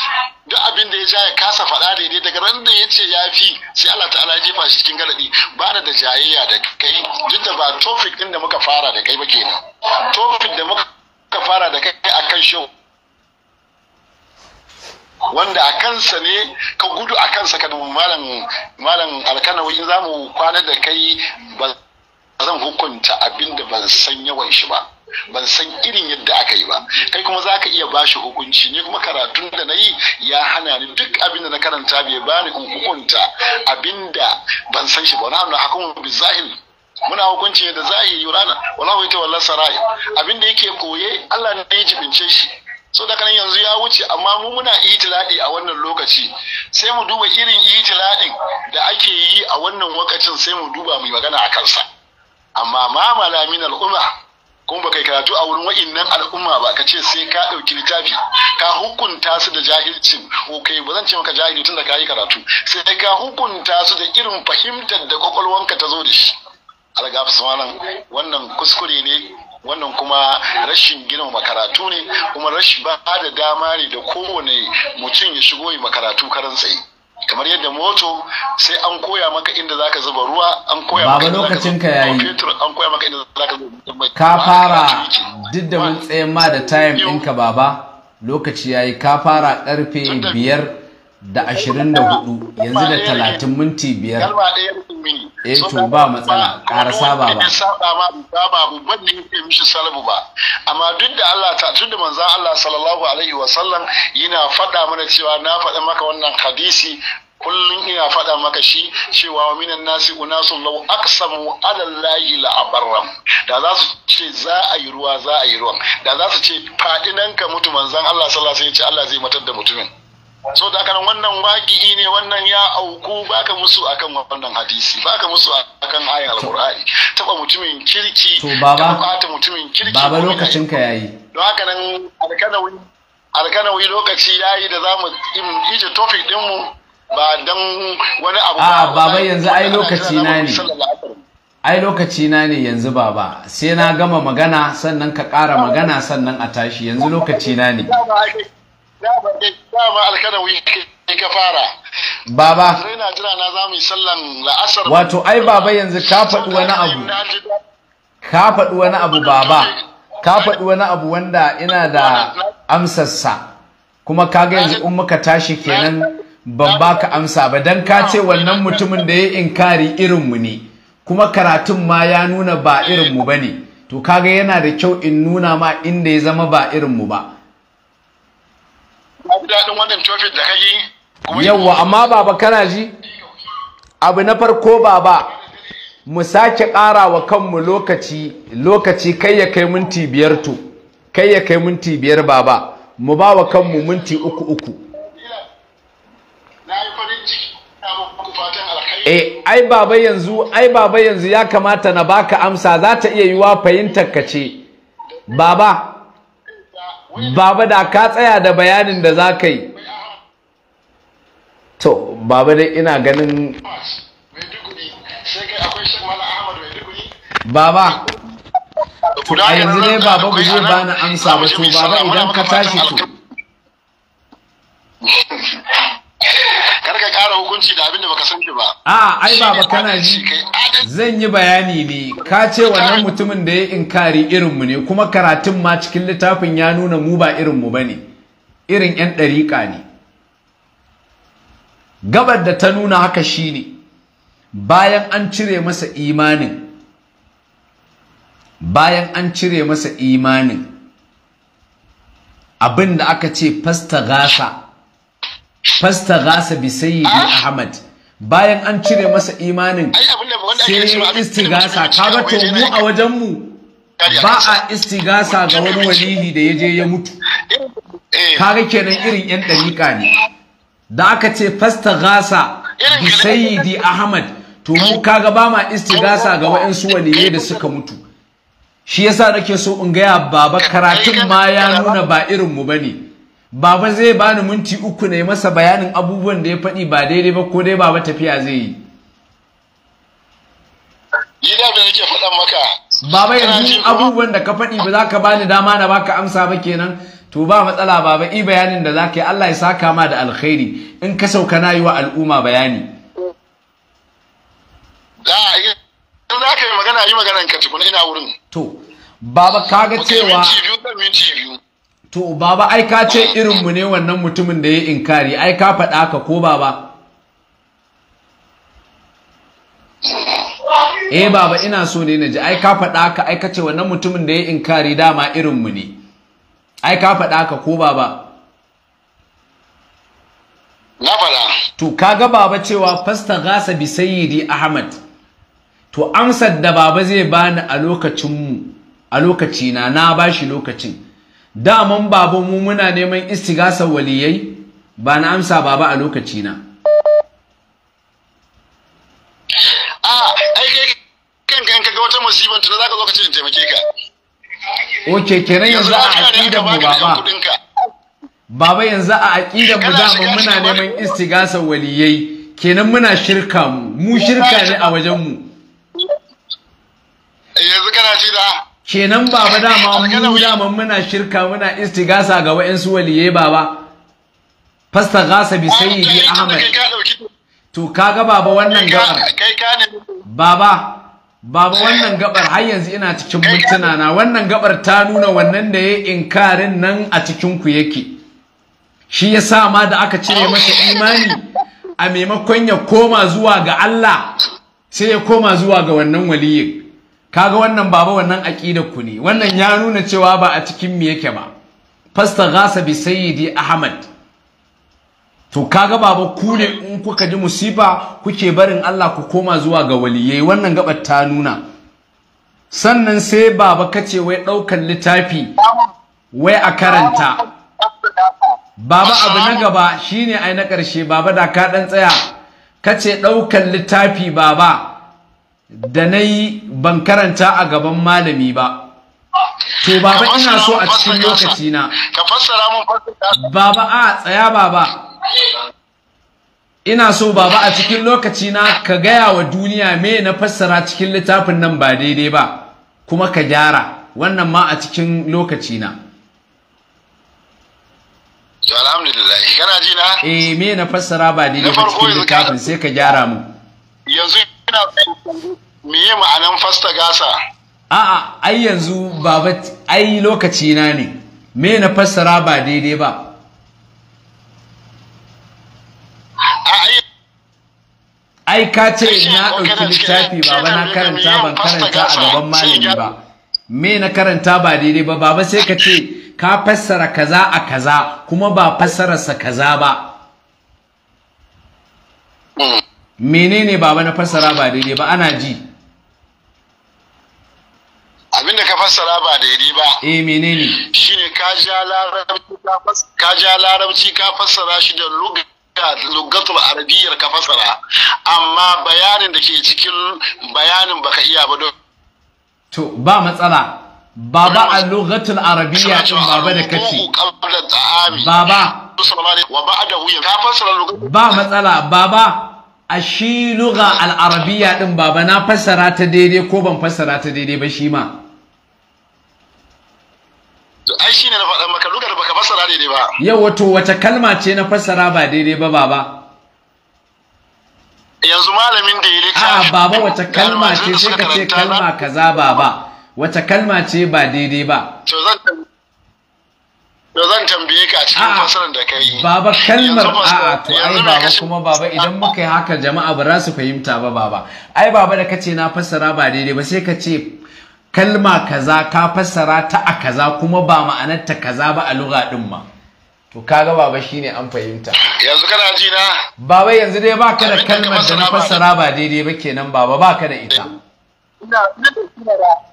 duk abin da ya ja ya kasa faɗa daidai daga ran da ya ce ya fi sai Allah ta'ala jefa shi cikin galadi ba da jayayya da kai duk da ba tofik din da muka fara da kai ba kenan tofik da muka fara da kai akan shau wanda a kansa ne ka gudu a kansa ka malam malam alkanawi za mu kwana da kai ba zan hukunta abin da ban san yawan shi ba ban san irin yadda aka yi ba kai kuma za ka iya ba shi hukunci ne kuma karatun da na yi ya hana ni duk abin da na karanta bai bani ni hukunta abin da ban san shi ba na hannu hakan bi zahiri muna hukunci da zahiri rana wala wata wala sarai abin da yake koye Allah ne ya jibince shi so da kanan yanzu ya wuce amma mu muna itila'i a wannan lokaci sai mu duba irin itila'in da ake yi a wannan wakacin sai mu duba mu magana a kansa amma ma malamin al'umma kuma kai karatu a wurin wa'innan al'umma ba ka ce sai ka ɗauki littafi ka hukunta su da jahilcin ko kai ba zan ce maka jahili tun da ka yi karatu sai ka hukunta su da irin fahimtar da kwakwalwanka ta zo da shi algafis wannan kuskure ne wannan kuma rashin gina makaratu ne kuma rashin ba da dama ne da kowane mutum ya shigo yi makaratu karan tsaye kamar yadda moto sai an koya maka inda zaka zuba ruwa an koya maka inda lokacin ka yayi an koya maka inda zaka zuba ka fara duk da mun tsaye ma da time ɗinka baba lokaci yayi ka fara karfe 5 da 24 yanzu da 30 minti 5 mini eh to ba matsala Ƙara saba ba ba saba ma ba ba wanda yake mishi salabu ba amma duk da Allah ta tunda manzon Allah sallallahu alaihi wa sallam yana faɗa mana cewa na faɗa maka wannan hadisi kullum ina faɗa maka shi cewa wa minan nasi unasun law aqsamu ala llahi la abarram da za su ce za a yi ruwa za a yi ruwan da za su ce fadinan ka mutu manzon Allah sallallahu alaihi wa sallam Allah zai matar da mutumin so da kan wannan waƙi ne wannan ya auku baka musu akan wannan hadisi baka musu akan ayin alqur'ani taba mutumin kirki to baba ta mutumin kirki baba lokacin ka yayi don haka nan alkanawi alkanawi lokaci yayi da zamu ije topic din mu ba dan wani abu ba baba yanzu ai lokaci na ne ai lokaci na ne yanzu baba sai na gama magana sannan ka ƙara magana sannan a tashi yanzu lokaci na ne dama alkanawi ka baba wato ai baba yanzu ka faɗi wani abu ka faɗi wani abu baba ka faɗi wani abu wanda ina da amsarsa kuma kaga yanzu in muka tashi kenan ban baka amsa ba dan ka ce wannan mutumin da ya inkari irinmu ne kuma karatun ma ya nuna ba irinmu ba ne to kaga yana da kyau in nuna ma inda ya zama ba irinmu ba na amma baba kana ji abu na farko baba mu sake ƙara wa kanmu lokaci lokaci kai ya kai minti biyar to kai ya kai minti biyar baba mu ba wa kanmu minti uku uku E, ai baba yanzu ai baba yanzu ya kamata na baka amsa za ta iya yiwa fahimtar ka ce baba baba da ka tsaya da bayanin da za ka yi to baba dai ina ganin baba a yanzu ne baba ba zai bani amsa ba to baba idan ka tashi to karka kara hukunci da abin baka san ba a ai baba kana ji zan yi bayani ne ka ce wannan mutumin da ya inkari irin mu ne kuma karatun ma cikin littafin ya nuna mu ba irin mu bane irin yan dariƙa ne gabar da ta nuna haka shine bayan an cire masa imanin bayan an cire masa imanin abin da aka ce fasta gasa fasta gasa bi sayyi ah? ahmad bayan an cire masa imanin sai istigasa kaga to mu a wajen mu ba a istigasa ga wani walihi da ya ya mutu eh. kaga kenan irin yan dariƙa ne da aka ce fasta gasa bi sayyidi ahmad to mu kaga ba ma istigasa ga waɗansu waliyai da suka mutu shi yasa nake so in gaya baba eh, karatun ma ya nuna ba irin mu bane baba zai bani minti uku ne masa bayanin abubuwan da ya faɗi ba daidai ba ko dai baba tafiya zai yi faɗan maka baba yanzu abubuwan da ka faɗi ba za ka bani dama na baka amsa ba kenan to ba matsala baba i bayanin da za ka yi Allah ya saka ma da alkhairi in ka sauka na yi wa al'umma bayani da ka yi magana yi ka tukuna ina wurin to baba kaga cewa minti biyu minti biyu to baba ai ka ce irinmu ne wannan mutumin da ya yi inkari ai ka faɗa ka ko baba eh baba ina so ne ji ai ka faɗa ka ai ka ce wannan mutumin da ya yi inkari dama irinmu ne ai ka faɗa ka ko baba na faɗa to kaga baba cewa fasta gasa bi sayyidi ahmad to amsar da baba zai bani a lokacin mu a lokacina na bashi lokacin daman baba mu muna neman istigasar waliyai ba na amsa baba a lokaci na Oke kenan yanzu a aƙidar mu baba Baba yanzu a aƙidar mu daman muna neman istigasar waliyai kenan muna shirka mu mu shirka ne a wajen mu yanzu kana ci da kenan baba dama mu dama muna shirka muna istigasa ga wa'ansu waliyai baba fasta gasa bi sayyidi ahmad to kaga baba wannan gabar baba baba wannan gabar har yanzu ina cikin mutuna na wannan gabar ta nuna wannan da ya inkarin nan a cikin ku yake shi yasa ma da aka cire masa imani a maimakon ya koma zuwa ga Allah sai ya koma zuwa ga wannan waliyin kaga wannan baba wannan aqidar ku ne wannan ya nuna cewa ba a cikin me yake ba gasa bi sayyidi ahmad to kaga baba ku ne in kuka ji musiba kuke barin Allah ku koma zuwa ga waliyai wannan gabar ta nuna sannan sai baba kace wai daukan littafi wai a karanta baba abu na gaba shine ai na karshe baba da ka dan tsaya kace daukan littafi baba da na yi ban karanta a gaban malami ba to baba ina so a cikin lokaci na baba a tsaya baba ina so baba a cikin lokaci na ka gaya wa duniya me na fassara cikin littafin nan ba daidai ba kuma ka gyara wannan ma a cikin lokaci na alhamdulillah kana ji na eh me na fassara ba daidai ba cikin littafin sai ka gyara mu yanzu ina me yi ma'anan fasta gasa a'a ai yanzu baba ai lokaci na ne me na fassara ba daidai ba ai ka ce na ɗauki littafi baba na karanta ban karanta a gaban malami ba me na karanta ba daidai ba baba sai ka ce ka fassara kaza a kaza kuma ba fassararsa kaza ba hmm. menene baba na fassara ba daidai ba ana ji abin da ka fassara ba daidai ba eh menene shine ka ja larabci ka fassara ka ja larabci ka fassara shi da lugha lugatul arabiyyar ka fassara amma bayanin da ke cikin bayanin baka iya ba don to ba matsala baba a lugatul arabiyya din baba da kace baba ba matsala baba a shi lugha al'arabiya ɗin baba na fassara ta daidai ko ban fassara ta daidai ba shi ma To ai shine na faɗa maka lugar baka fassara daidai ba. Yau wato wace kalma ce na fassara ba daidai ba baba? Yanzu malamin da ya ah, littafi. A baba wace kalma ce sai ka ce kalma kaza baba. Wace kalma ce ba daidai ba? To zan To zan tambaye ka cikin ah, fassarar da kai yi. Baba kalmar a'a ah, to ai baba kuma baba idan muka yi haka jama'a ba za su fahimta ba baba. Ai baba da kace na fassara ba daidai ba sai ka ce kalma kaza ka fassara ta a kaza kuma ba ma'anarta kaza ba a lura din ma to kaga baba shine an fahimta yanzu kana ji na baba yanzu dai baka da kalmar da na fassara ba daidai ba kenan baba baka da ita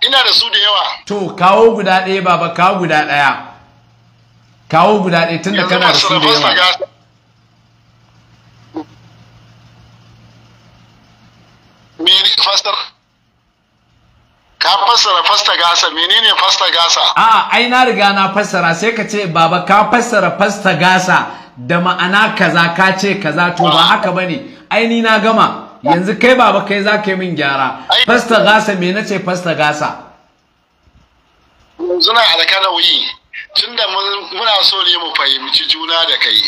ina da su da yawa to kawo guda ɗaya baba kawo guda ɗaya kawo guda ɗaya tunda kana da su da yawa Me fassara ka fassara fasta gasa menene fasta gasa a ai na riga na fassara sai ka ce baba ka fassara fasta gasa da ma'ana kaza ka ce kaza to ba haka bane ai ni na gama yanzu kai baba kai za ka yi min gyara fasta gasa me nace fasta gasa yanzu na tunda muna so ne mu fahimci juna da kai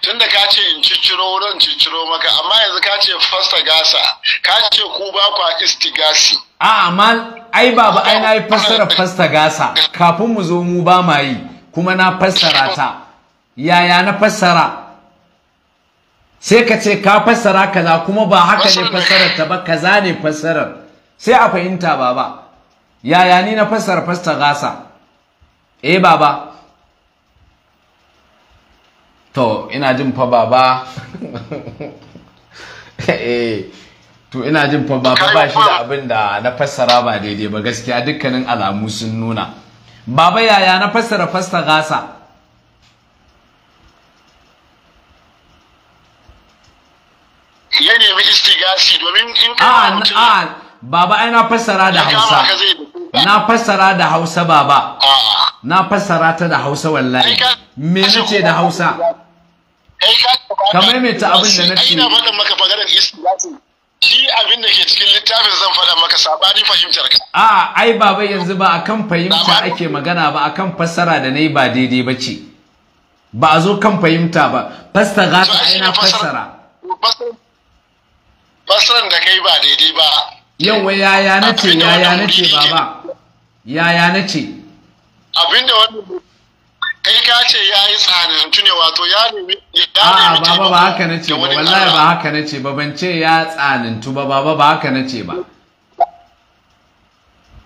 tunda ka ce in cicciro wurin cicciro maka amma yanzu ka ce fasta gasa ka ce ku ba kwa istigasi a ah, amma ai baba ai na yi fassara fasta gasa kafin mu zo mu ba ma yi kuma na fassara ta yaya na fassara sai ka ce ka fassara kaza kuma ba haka ne fassarar ta ba kaza ne fassarar sai a fahimta baba yaya ni na fassara fasta gasa eh baba to ina jin fa baba eh to ina jin fa baba ba shi da abin da na fassara ba daidai ba gaskiya dukkanin alamu sun nuna baba yaya na fassara fasta gasa ya nemi istigasi domin in ka ah, mutum ah, baba ai na fassara da Hausa na fassara da Hausa baba na fassara ta da Hausa wallahi me nace da Hausa kamar me ta abin da nace ina faɗin maka maganar istilahi shi abin da ke cikin littafin zan faɗa maka sabani fahimtar ka a ai baba yanzu ba akan fahimta ake magana ba akan fassara da nayi ba daidai bace ba a zo kan fahimta ba fassara ta ina fassara fassaran da kai ba daidai ba yawa yaya nace yaya nace baba yaya na ce abinda wani ka ce ya yi ne wato ya nemi ya baba ba haka na ce ba wallahi ba haka na ce ba ban ce ya tsanantu ba baba ba haka na ce ba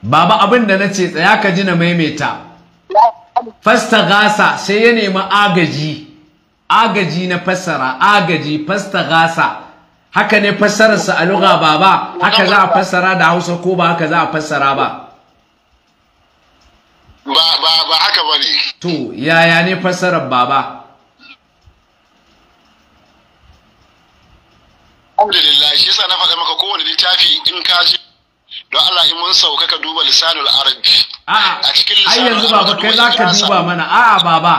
baba abin da na ce tsaya ka ji na maimaita fasta gasa sai ya nemi agaji agaji na fassara agaji fasta gasa haka ne fassararsa a baba haka za a fassara da hausa ko ba haka za a fassara ba ba ba ba haka bane to yaya ne fassarar baba alhamdulillah shi yasa na faɗa maka kowane littafi in ka ji don Allah in mun sauka ka duba lisanul arabi a cikin lisanul arabi ai yanzu baba kai zaka duba mana a'a baba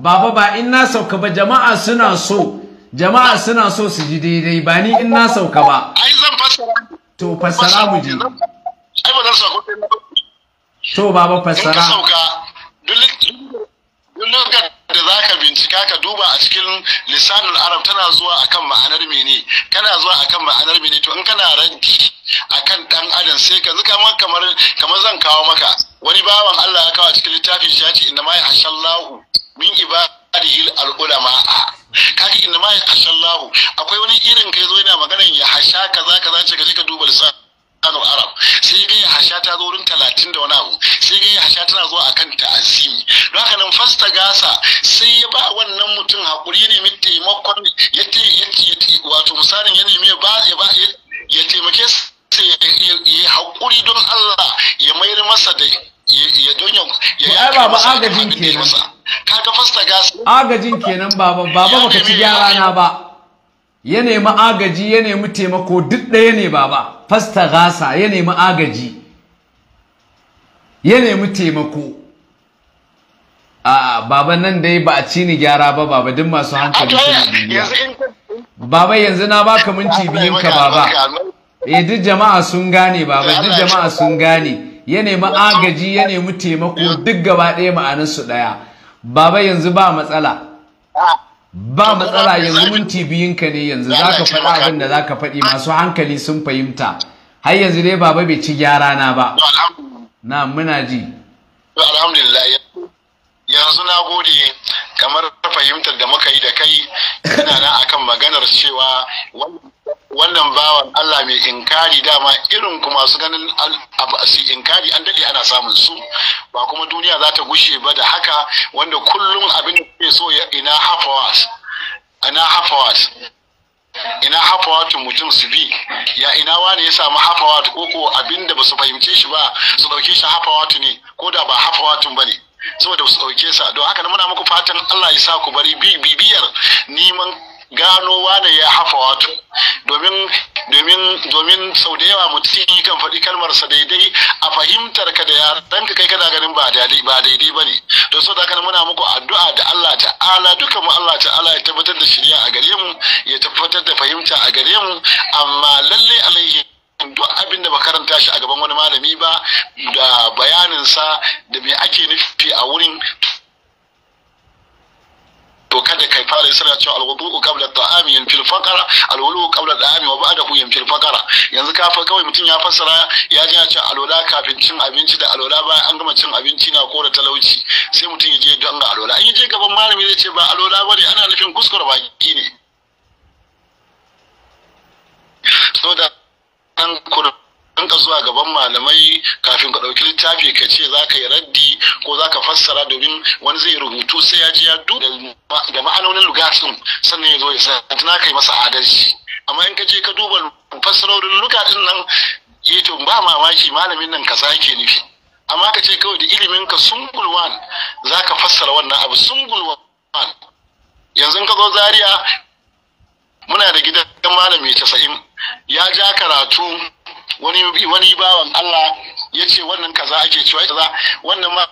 baba ba in na sauka ba jama'a suna so jama'a suna so su ji daidai ba ni in na sauka ba ai zan fassara to fassara mu ji ai ba zan sauka to baba fassara ka sauka duk lokacin da za ka bincika ka duba a cikin lisanul arab tana zuwa akan ma'anar mene kana zuwa akan ma'anar mene to in kana raddi akan dan adam sai ka zuka man kamar kamar zan kawo maka wani bawan Allah ya kawo a cikin littafin shi ya ce inna ma yahshallahu min ibadihi al-ulama kaga inna ma yahshallahu akwai wani irin kai zo yana magana ya hasha kaza kaza ce ka je ka duba lisanul Kano Arab sai ga hasha ta zo wurin talatin da wani abu sai ga hasha tana zuwa kan ta'azimi don haka nan fasta gasa sai ya ba wannan mutum hakuri ya nemi taimakon ya wato misalin ya nemi ya ba ya taimake sai ya hakuri don Allah ya mayar masa da ya don ya ya ba agajin kenan kaga fasta gasa agajin kenan baba baba baka ci gyara na ba ya nemi agaji ya nemi taimako duk ɗaya ne baba fasta gasa ya nemi agaji ya nemi taimako a baba nan dai ba a ci ni gyara ba baba duk masu hankali suna bibiya baba yanzu na baka minti biyun ka baba eh duk jama'a sun gane baba duk jama'a sun gane ya nemi agaji ya nemi taimako duk gaba ɗaya ma'anarsu ɗaya baba yanzu ba matsala ba matsala yanzu minti biyun ka ne yanzu za ka faɗa abin da za ka faɗi masu hankali sun fahimta har yanzu dai baba bai ci gyara na ba na muna ji alhamdulillah yanzu na gode kamar fahimtar da muka yi da kai yana nan akan maganar cewa wannan bawan Allah mai inkari dama irin kuma su ganin su inkari an daɗe ana samun su ba kuma duniya za ta gushe ba da haka wanda kullum abin da ke so ya ina hafawas ina hafawas ina tun mutum su bi ya ina wane ya samu hafawa ko ko abin ba su fahimce shi ba su ɗauke shi hafawa ne ko da ba hafawa ba ne saboda su ɗauke sa don haka muna muku fatan Allah ya sa ku bari bibiyar neman gano wane ya hafa wato domin domin domin sau da yawa mutum kan faɗi kalmarsa daidai a fahimtar ka da yaran ka kai kana ganin ba daidai ba daidai bane don so haka muna muku addu'a da Allah ta'ala dukan mu Allah ta'ala ya tabbatar da shirya a gare mu ya tabbatar da fahimta a gare mu amma lalle alaihi duk abin da ba karanta shi a gaban wani malami ba da bayaninsa da me ake nufi a wurin to kada kai fara isra cewa alwudu qabla ta'ami fil faqara alwudu qabla ta'ami wa ba'dahu fil faqara yanzu ka fa kawai mutum ya fassara ya ji cewa alwala kafin cin abinci da alwala bayan an gama cin abinci na kora talauci sai mutum ya je don ga alwala an je gaban malami zai ce ba alwala bane ana nufin kuskure baki ne so da nan ka zuwa gaban malamai kafin ka ɗauki littafi ka ce za ka yi raddi ko za ka fassara domin wani zai rubutu sai ya ji ya da ma'anonin lugatin sannan ya zo ya sa na kai masa adalci amma in ka je ka duba fassarorin lugatin nan ya eh to ba mamaki malamin nan kaza ke nufi amma ka ce kawai da ilimin ka sungulwan za ka fassara wannan abu sungulwan yanzu ka zo zaria muna da gidan malami casa'in ya ja karatu wani wani bawan Allah ya ce wannan kaza ake cewa kaza wannan ma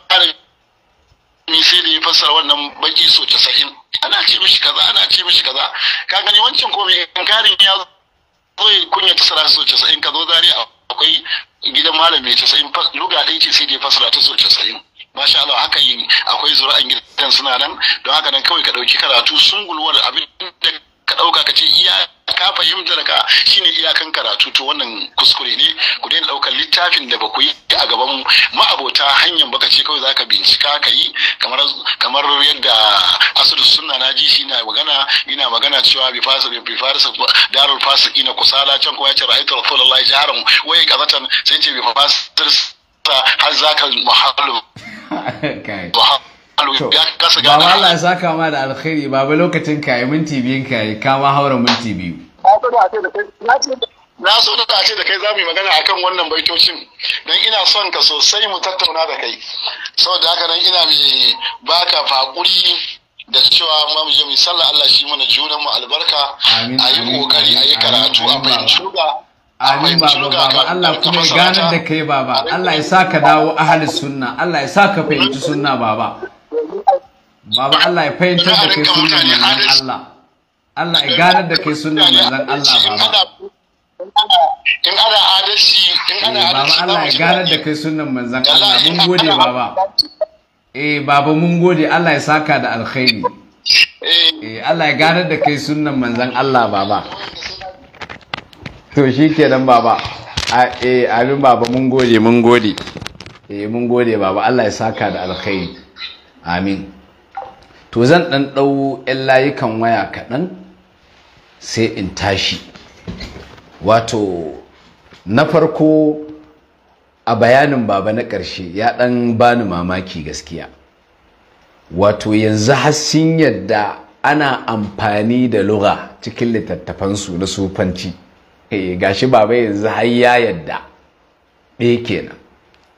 ni sai da ya fassara wannan baki so casa'in ana ce mishi kaza ana ce mishi kaza ka gani wancan ko mai inkarin ya zo ya kunya tasara so casa'in ka zo zari akwai gidan malam mai casa'in luga ɗaya ce sai da ya fassara ta so casa'in masha Allah haka yi akwai zura'an gidan suna nan don haka nan kawai ka ɗauki karatu sun gulwar abin da ka ɗauka ka ce iya ka fahimtar ka shine iyakan karatu to wannan kuskure ne ku daina ɗaukar littafin da ba ku yi a gaban ma'abota hanyar ka ce kawai zaka bincika ka yi kamar yadda asudu suna na ji shi na magana ina magana cewa bi fasa bi fasa darul fasiki kusala can kuma ya ce ra'aytu rasulullahi jaharan waye gazatan sai ce bi fasa har zaka muhallu ba Allah ya saka ma da alkhairi ba ba lokacin ka minti biyun ka ka ma haura minti biyu na so da ce da kai za mu yi magana akan wannan baitocin don ina son ka sosai mu tattauna da kai saboda haka nan ina mai baka fakuri da cewa ma mu je mu salla Allah shi mana junan mu albarka a yi kokari a yi karatu a fahimci da Amin baba baba Allah kuma ganin ganar da kai baba Allah ya sa ka dawo ahli sunna Allah ya sa ka fahimci sunna baba Baba Allah ya fahimtar da kai sunan manzon Allah. Allah ya ganar da kai sunan manzon Allah baba. In ana adalci, in ana adalci. Baba eh, Allah ya ganar da kai sunan manzon Allah. Mun gode baba. Eh baba mun gode Allah ya saka da alkhairi. Eh, eh Allah ya ganar da kai sunan manzon Allah baba. To shi kenan baba. Eh abin baba mun gode mun gode. Eh mun gode baba Allah ya saka da alkhairi. Amin. to zan ɗan ɗau 'yan layukan waya kaɗan sai in tashi wato na farko a bayanin baba na ƙarshe ya ɗan bani mamaki gaskiya wato yanzu hassin yadda ana amfani da lura cikin littattafansu na sufanci e gashi baba yanzu har ya yadda ɗaya eh kenan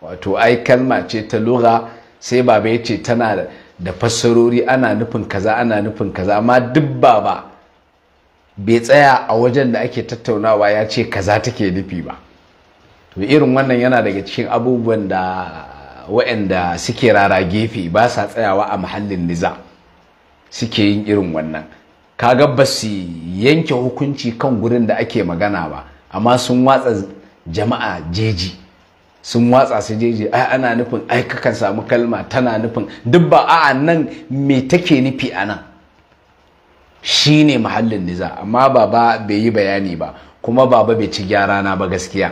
wato ai kalma ce ta lura sai baba ya ce tana da da fassarori ana nufin kaza ana nufin kaza amma duk ba ba bai tsaya a wajen da ake tattaunawa ya ce kaza take nufi ba to irin wannan yana daga cikin abubuwan da waɗanda suke rara gefe ba sa tsayawa a muhallin niza suke yin irin wannan kaga ba su yanke hukunci kan gurin da ake magana ba amma sun watsa jama'a jeji sun watsa su jeje ai ana nufin ai kakan samu kalma tana nufin duk ba a nan me take nufi a nan shi ne mahallin niza amma baba bai yi bayani ba kuma baba bai ci gyara na ba gaskiya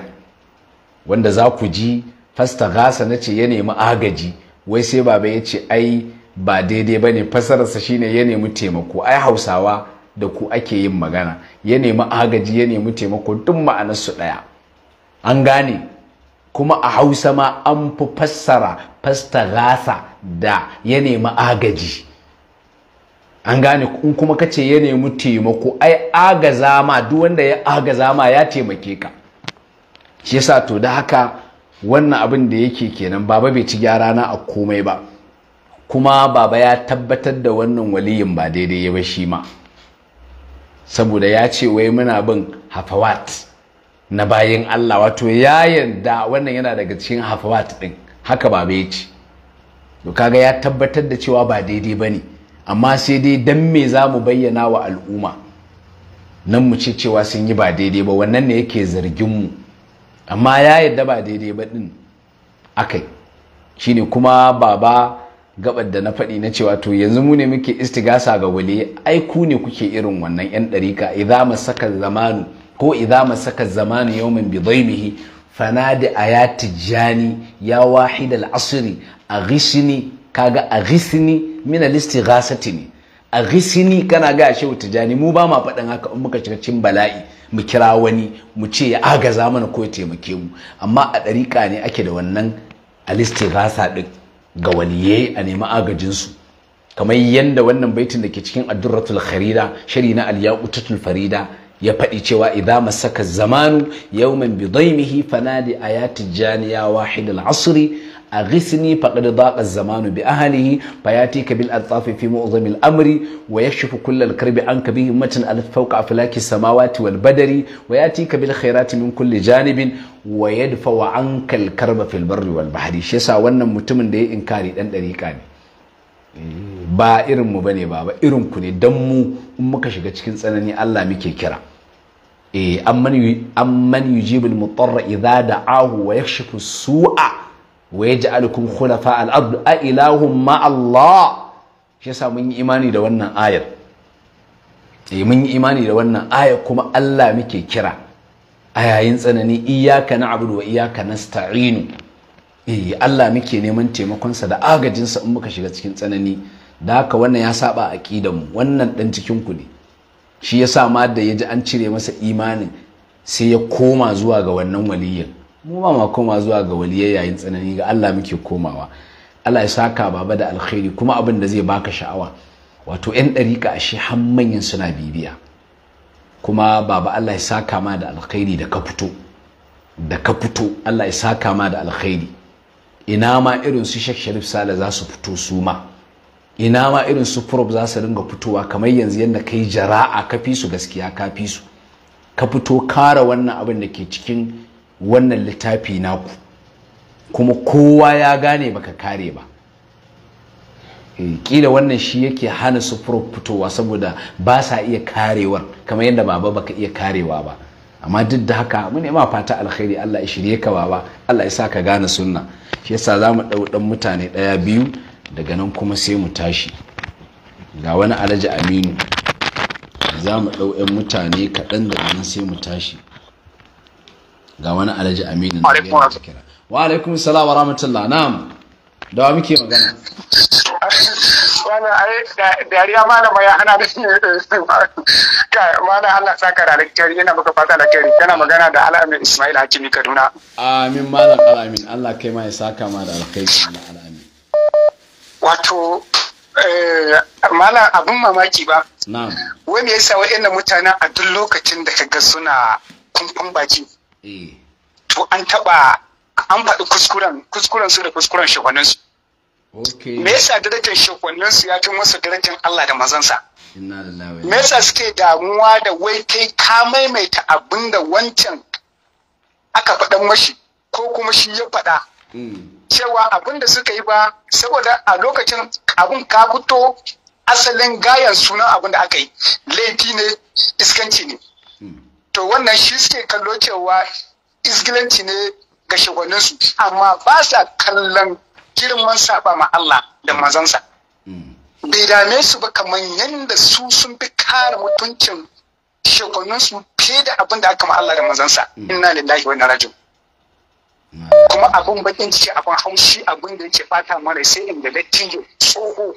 wanda za ku ji fasta gasa na ce ya nemi agaji wai sai baba ya ce ai ba daidai ba ne fasararsa ne ya nemi taimako ai hausawa da ku ake yin magana ya nemi agaji ya nemi taimako duk ma'anarsu ɗaya an gane kuma a hausa ma an fi fassara fastagasa da ya nemi agaji an gane in kuma ka ce ya nemi taimako ai agaza ma duk wanda ya agaza ma ya taimake ka shi yasa to da haka wannan abin da yake kenan baba bai ci gyara na a komai ba kuma baba ya tabbatar da wannan waliyin ba daidai ya ba shi ma saboda ya ce wai muna bin hafawat na bayan Allah wato ya yarda wannan yana daga cikin hafawat din haka ba bai ci to kaga ya tabbatar da cewa ba daidai bane amma sai dai dan me za mu bayyana wa al'umma nan mu ce cewa sun yi ba daidai ba wannan ne yake zargin mu amma ya yarda ba daidai ba din akai shine kuma baba gabar da na faɗi na cewa to yanzu mu ne muke istigasa ga wale. ai ku ne kuke irin wannan yan ɗarika mu masaka zamanu ko idza masaka zamanu yawmin bi dhaymihi fanadi ayati jani ya wahid al asri aghisni kaga aghisni min al istighasati ne aghishni kana ga shehu tijani mu ba ma faɗan haka in muka shiga cin bala'i mu kira wani mu ce ya agaza mana ko ya taimake mu amma a ɗariƙa ne ake da wannan al istighasa din ga waliye a nemi agajinsu kamar yadda wannan baitin da ke cikin addurratul kharida shari na al farida ya faɗi cewa idza masaka zamanu yawman bi dhaymihi fanadi ayati janiya wahid al-asri aghisni faqad daqa az-zamanu bi ahlihi fayatika bil athafi fi mu'zam al-amri wa yakshifu kull al-karbi anka bihi matan alf fawqa aflaki samawati wal badari wa yatika bil khairati min kulli janibin wa yadfa anka al-karba fil barri wal bahri shi yasa wannan mutumin da ya inkari dan dariƙa ne ba irin mu bane ba ba irin ku ne dan mu in muka shiga cikin tsanani Allah muke kira eh amman amman yujibul mutarra idza da'ahu wa yakshifu su'a wa yaj'alukum khulafa al-ard a ilahum ma Allah shi yasa mun yi imani da wannan ayar eh mun yi imani da wannan ayar kuma Allah muke kira a yayin tsanani iyyaka na'budu wa iyyaka nasta'inu eh Allah muke neman taimakonsa da agajinsa in muka shiga cikin tsanani da haka wannan ya saba aqidan mu wannan dan cikin ku ne shi yasa ma da ji an cire masa imanin sai ya koma zuwa ga wannan waliyin mu ma ma koma zuwa ga waliyai yayin tsanani ga Allah muke komawa Allah ya saka baba da alkhairi kuma abin da zai baka sha'awa wato yan dariƙa ashe har manyan suna bibiya kuma baba Allah ya saka ma da alkhairi da ka fito da ka fito Allah ya saka ma da alkhairi ina ma irin su shek Sharif Sale za su fito su ma ina ma irin su Prof za su dinga fitowa kamar yanzu yadda kai jara'a ka fi su gaskiya ka fi su ka fito kara wannan abin da ke cikin wannan littafi naku kuma kowa ya gane baka kare ba eh, kila wannan shi yake hana su fitowa saboda ba sa iya karewar kamar yadda baba baka iya karewa ba amma duk da haka mun nema fata alkhairi Allah ya shirye ka baba Allah ya sa ka gane sunna shi yasa za mu ɗau ɗan mutane ɗaya biyu daga nan kuma sai mu tashi ga wani alhaji aminu za mu ɗau ɗan mutane kaɗan daga nan sai mu tashi ga wani alhaji aminu wa alaikum salam wa rahmatullah na'am da muke magana wannan ai dariya malama ya ana da shi malam Allah saka da alkhairi ina maka fata alkhairi kana magana da Alamin Ismail Hakimi Kaduna amin malam Alamin Allah kai ma ya saka ma da alkhairi malam Alamin wato eh, mala abin mamaki ba wani ya sa wa'annan mutanen a duk lokacin da kaga suna kumfan baki eh. to an taba an faɗi kuskuren kuskuren su da kuskuren shugabanninsu me yasa darajar shekonnin ya fi masa darajar Allah da mazansa me yasa suke damuwa da wai kai ka maimaita abin da wancan aka faɗan mashi ko kuma shi ya faɗa mm. cewa abin da suka yi ba saboda a lokacin abin ka fito asalin gayan sunan abin da aka yi laifi ne iskanci ne mm. to wannan shi suke kallo cewa isgilanci ne ga shugabanninsu amma ba sa kallon girman saba ma Allah da mazansa mm. bai dame su ba kamar yadda su sun fi kare mutuncin shekunnin su fiye da abin da aka ma Allah da mazansa mm. inna lillahi wa inna mm. rajiun kuma abin bakin ciki abin haushi abin da yake fata mara sai in inda dattijo tsoho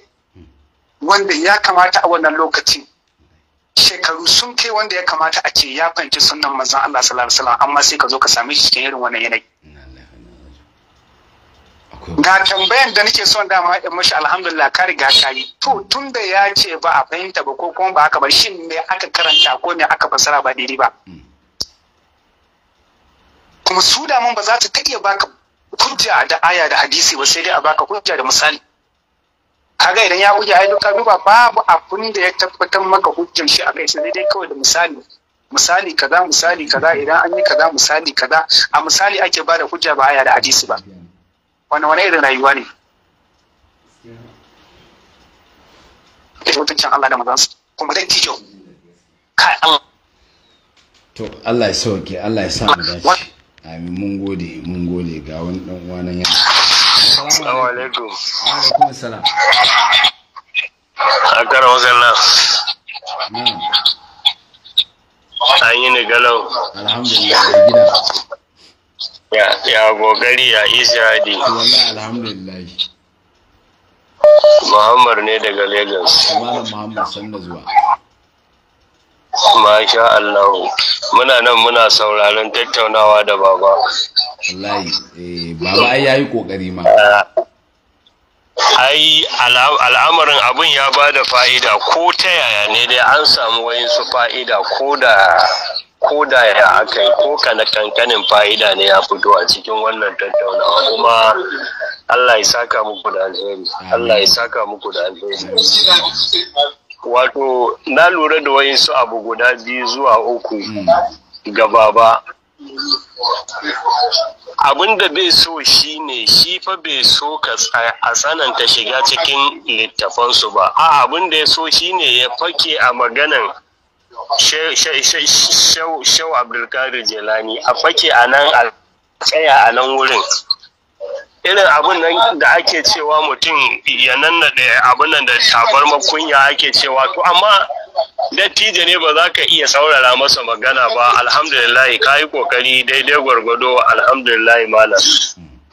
wanda ya kamata a wannan lokaci, shekaru sun kai wanda ya kamata a ce ya fahimci sunan manzon Allah sallallahu alaihi wasallam amma sai ka zo ka same shi cikin irin wannan yanayi ga tambayan da nake son dama in mashi alhamdulillah ka riga ka yi to tun da ya ce ba a fahimta ba ko kuma ba aka ba shin me aka karanta ko me aka fassara ba daidai ba kuma su da mun ba za ta iya baka hujja da aya da hadisi ba sai dai a baka hujja da misali kaga idan ya hujja ai duka duba babu abun da ya tabbatar maka hujjar shi a kai sai dai kawai da misali misali kaza misali kaza idan an yi kaza misali kaza a misali ake bada hujja ba aya da hadisi ba wani wani irin rayuwa ne da mutuncin Allah da mazansu kuma dan tijo kai Allah to Allah ya sauke Allah ya sa mu dace amin mun gode mun gode ga wani dan uwa nan yana assalamu alaikum wa alaikum assalam akara wasallam an yi ne galau alhamdulillah gida ya gogari ya izadi wallahi alhamdulillah Muhammad ne daga Lagos Malam Muhammad sanda zuwa Masha Allah muna nan muna sauraron tattaunawa da baba wallahi eh baba yayi kokari ma eh, ai al'amarin abun ya bada fa'ida ko ta yaya ne dai an samu wayansu fa'ida ko da ko da ya aka yi ko kana kankanin fa'ida ne ya fito a cikin wannan tattaunawa kuma Allah ya saka muku da alheri Allah ya saka muku da alheri wato na lura da su abu guda biyu zuwa uku gaba ba abin da bai so shi ne shi fa bai so ka a tsananta shiga cikin littafansu ba a abin da ya so shi ne ya fake a maganan Shehu Abdulkadir Jelani a fake a nan a tsaya a nan wurin. Irin abin nan da ake cewa mutum ya nan da abin nan da tabar makunya ake cewa to amma dattijo ne ba za ka iya saurara masa magana ba alhamdulillah ka yi kokari daidai gwargwado alhamdulillah malam.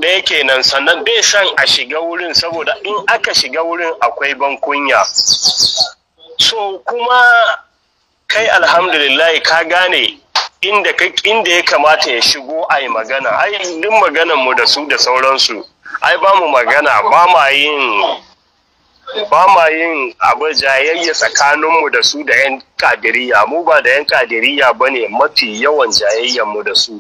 yake nan sannan bai san a shiga wurin saboda in aka shiga wurin akwai bankunya so kuma kai alhamdulillahi ka gane inda inda ya kamata ya shigo a magana ai duk maganan mu da su da sauransu ai ba mu magana ba ma yin ba ma yin abu jayayya mu da su da 'yan kadiriya mu ba da 'yan kadiriya ba mafi yawan mu da su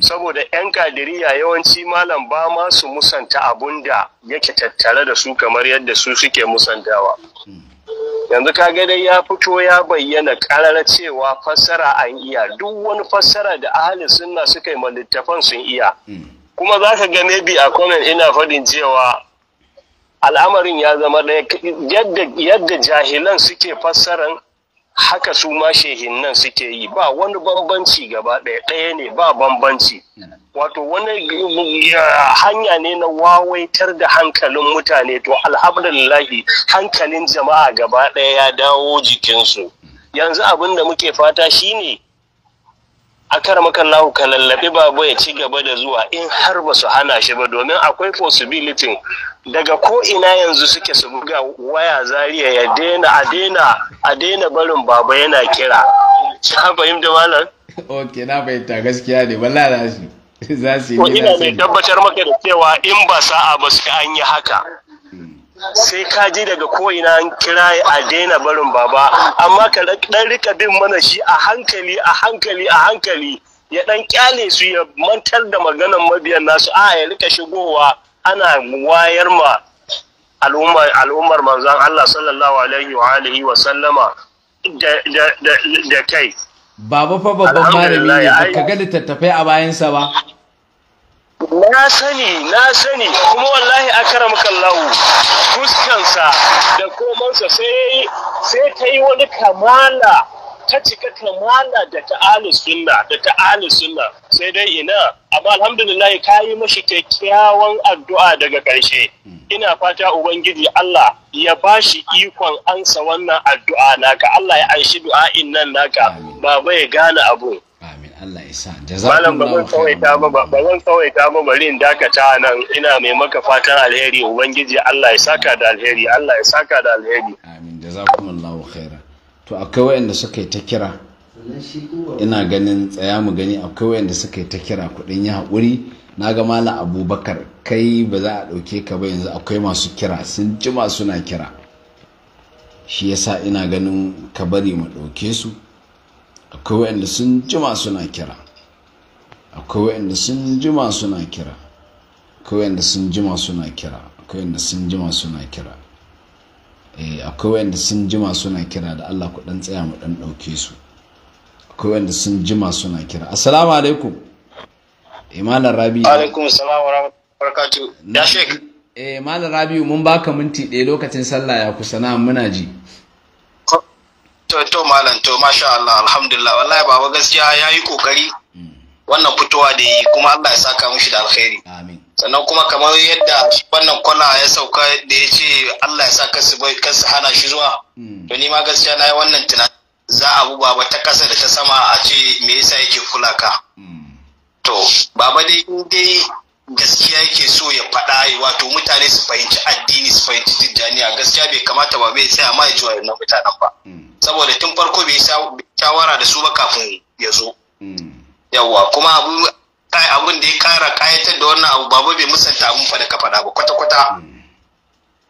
saboda 'yan kadiriya yawanci malam ba ma su musanta abun da yake tattare da su kamar yadda su suke musantawa. yanzu ka dai ya fito ya bayyana karar cewa fassara an iya duk wani fassara da ahalin sunna suka yi littafan sun iya hmm. kuma za ka ga bi a kwanan ina faɗin cewa al'amarin ya zama ɗaya yadda jahilan suke fassaran haka su ma nan suke yi ba wani bambanci gaba ɗaya ɗaya ne ba bambanci wato wani hanya ne na wawaitar da hankalin mutane to alhamdulillahi hankalin jama'a gaba ɗaya ya dawo jikinsu yanzu abin da muke fata shine a karmakan lahu ka lallabi babu ya ci gaba da zuwa in har ba su hana shi ba domin akwai possibility daga ko ina yanzu suke su buga waya zariya ya daina a daina a daina barin baba yana kira ka fahimta malam ok na fahimta gaskiya ne ba za su za su yi ina mai tabbatar maka da cewa in ba sa'a ba su an yi haka sai ka ji daga ko'ina an kira a daina barin baba amma ka dan rika bin mana shi a hankali a hankali a hankali ya dan kyale su ya mantar da maganan mabiyan nasu a ya rika shigowa ana wayar ma al'ummar manzon Allah sallallahu alaihi wa alihi wa sallama da kai baba fa babban malami ne ka ga littattafai a bayansa ba na sani na sani kuma wallahi akara Allah fuskansa da komansa sai sai ta yi wani kamala ta cika kamala da ta ahli sunna da ta ahli sunna sai dai ina amma alhamdulillah ka yi mashi kyakkyawan addu'a daga ƙarshe ina fata ubangiji Allah ya bashi ikon ansa wannan addu'a naka Allah ya anshi du'a'in nan naka baba ya gane abu Allah ya sa malam ba zan tsawaita ba ba zan tsawaita ba bari in dakata nan ina mai maka fatan alheri ubangiji Allah ya saka da alheri Allah ya saka da alheri amin jazakumullahu khairan to akwai wanda suka yi ta kira ina ganin tsaya mu gani akwai wanda suka yi ta kira kudin ya haƙuri na ga malam abubakar kai ba za a ɗauke ka ba yanzu akwai masu kira sun jima suna kira shi yasa ina ganin ka bari mu ɗauke su akwai wa'anda sun jima suna kira akwai wa'anda sun jima suna kira akwai wa'anda sun jima suna kira akwai wa'anda sun jima suna kira eh akwai wa'anda sun jima suna kira da Allah ku dan tsaya mu dan dauke su akwai wa'anda sun jima suna kira assalamu alaikum imalan eh, rabi wa alaikum assalam wa rahmatullahi wa barakatuh ya shek eh malam rabi mun baka minti ɗaya lokacin sallah ya kusa na muna ji to to malam to masha Allah alhamdulillah wallahi baba gaskiya yayi kokari wannan fitowa da yi kuma Allah ya saka mushi da alkhairi sannan kuma kamar yadda wannan kwana ya sauka da ya ce Allah ya sa kasu bai kasu hana shi zuwa hmm. to ni ma gaskiya na yi wannan tunanin za a bu baba ta kasa da ta sama a ce me yasa yake kula ka hmm. to baba dai dai gaskiya yake so ya faɗa wato mutane su fahimci addini su fahimci tijjaniya gaskiya bai kamata ba bai tsaya ma ya ji wa mutanen ba hmm. saboda tun farko bai shawara da su ba kafin ya zo Yawwa kuma abu da ya kara kayatar da wannan abu babu bai musanta abin fa da ka faɗa ba kwata-kwata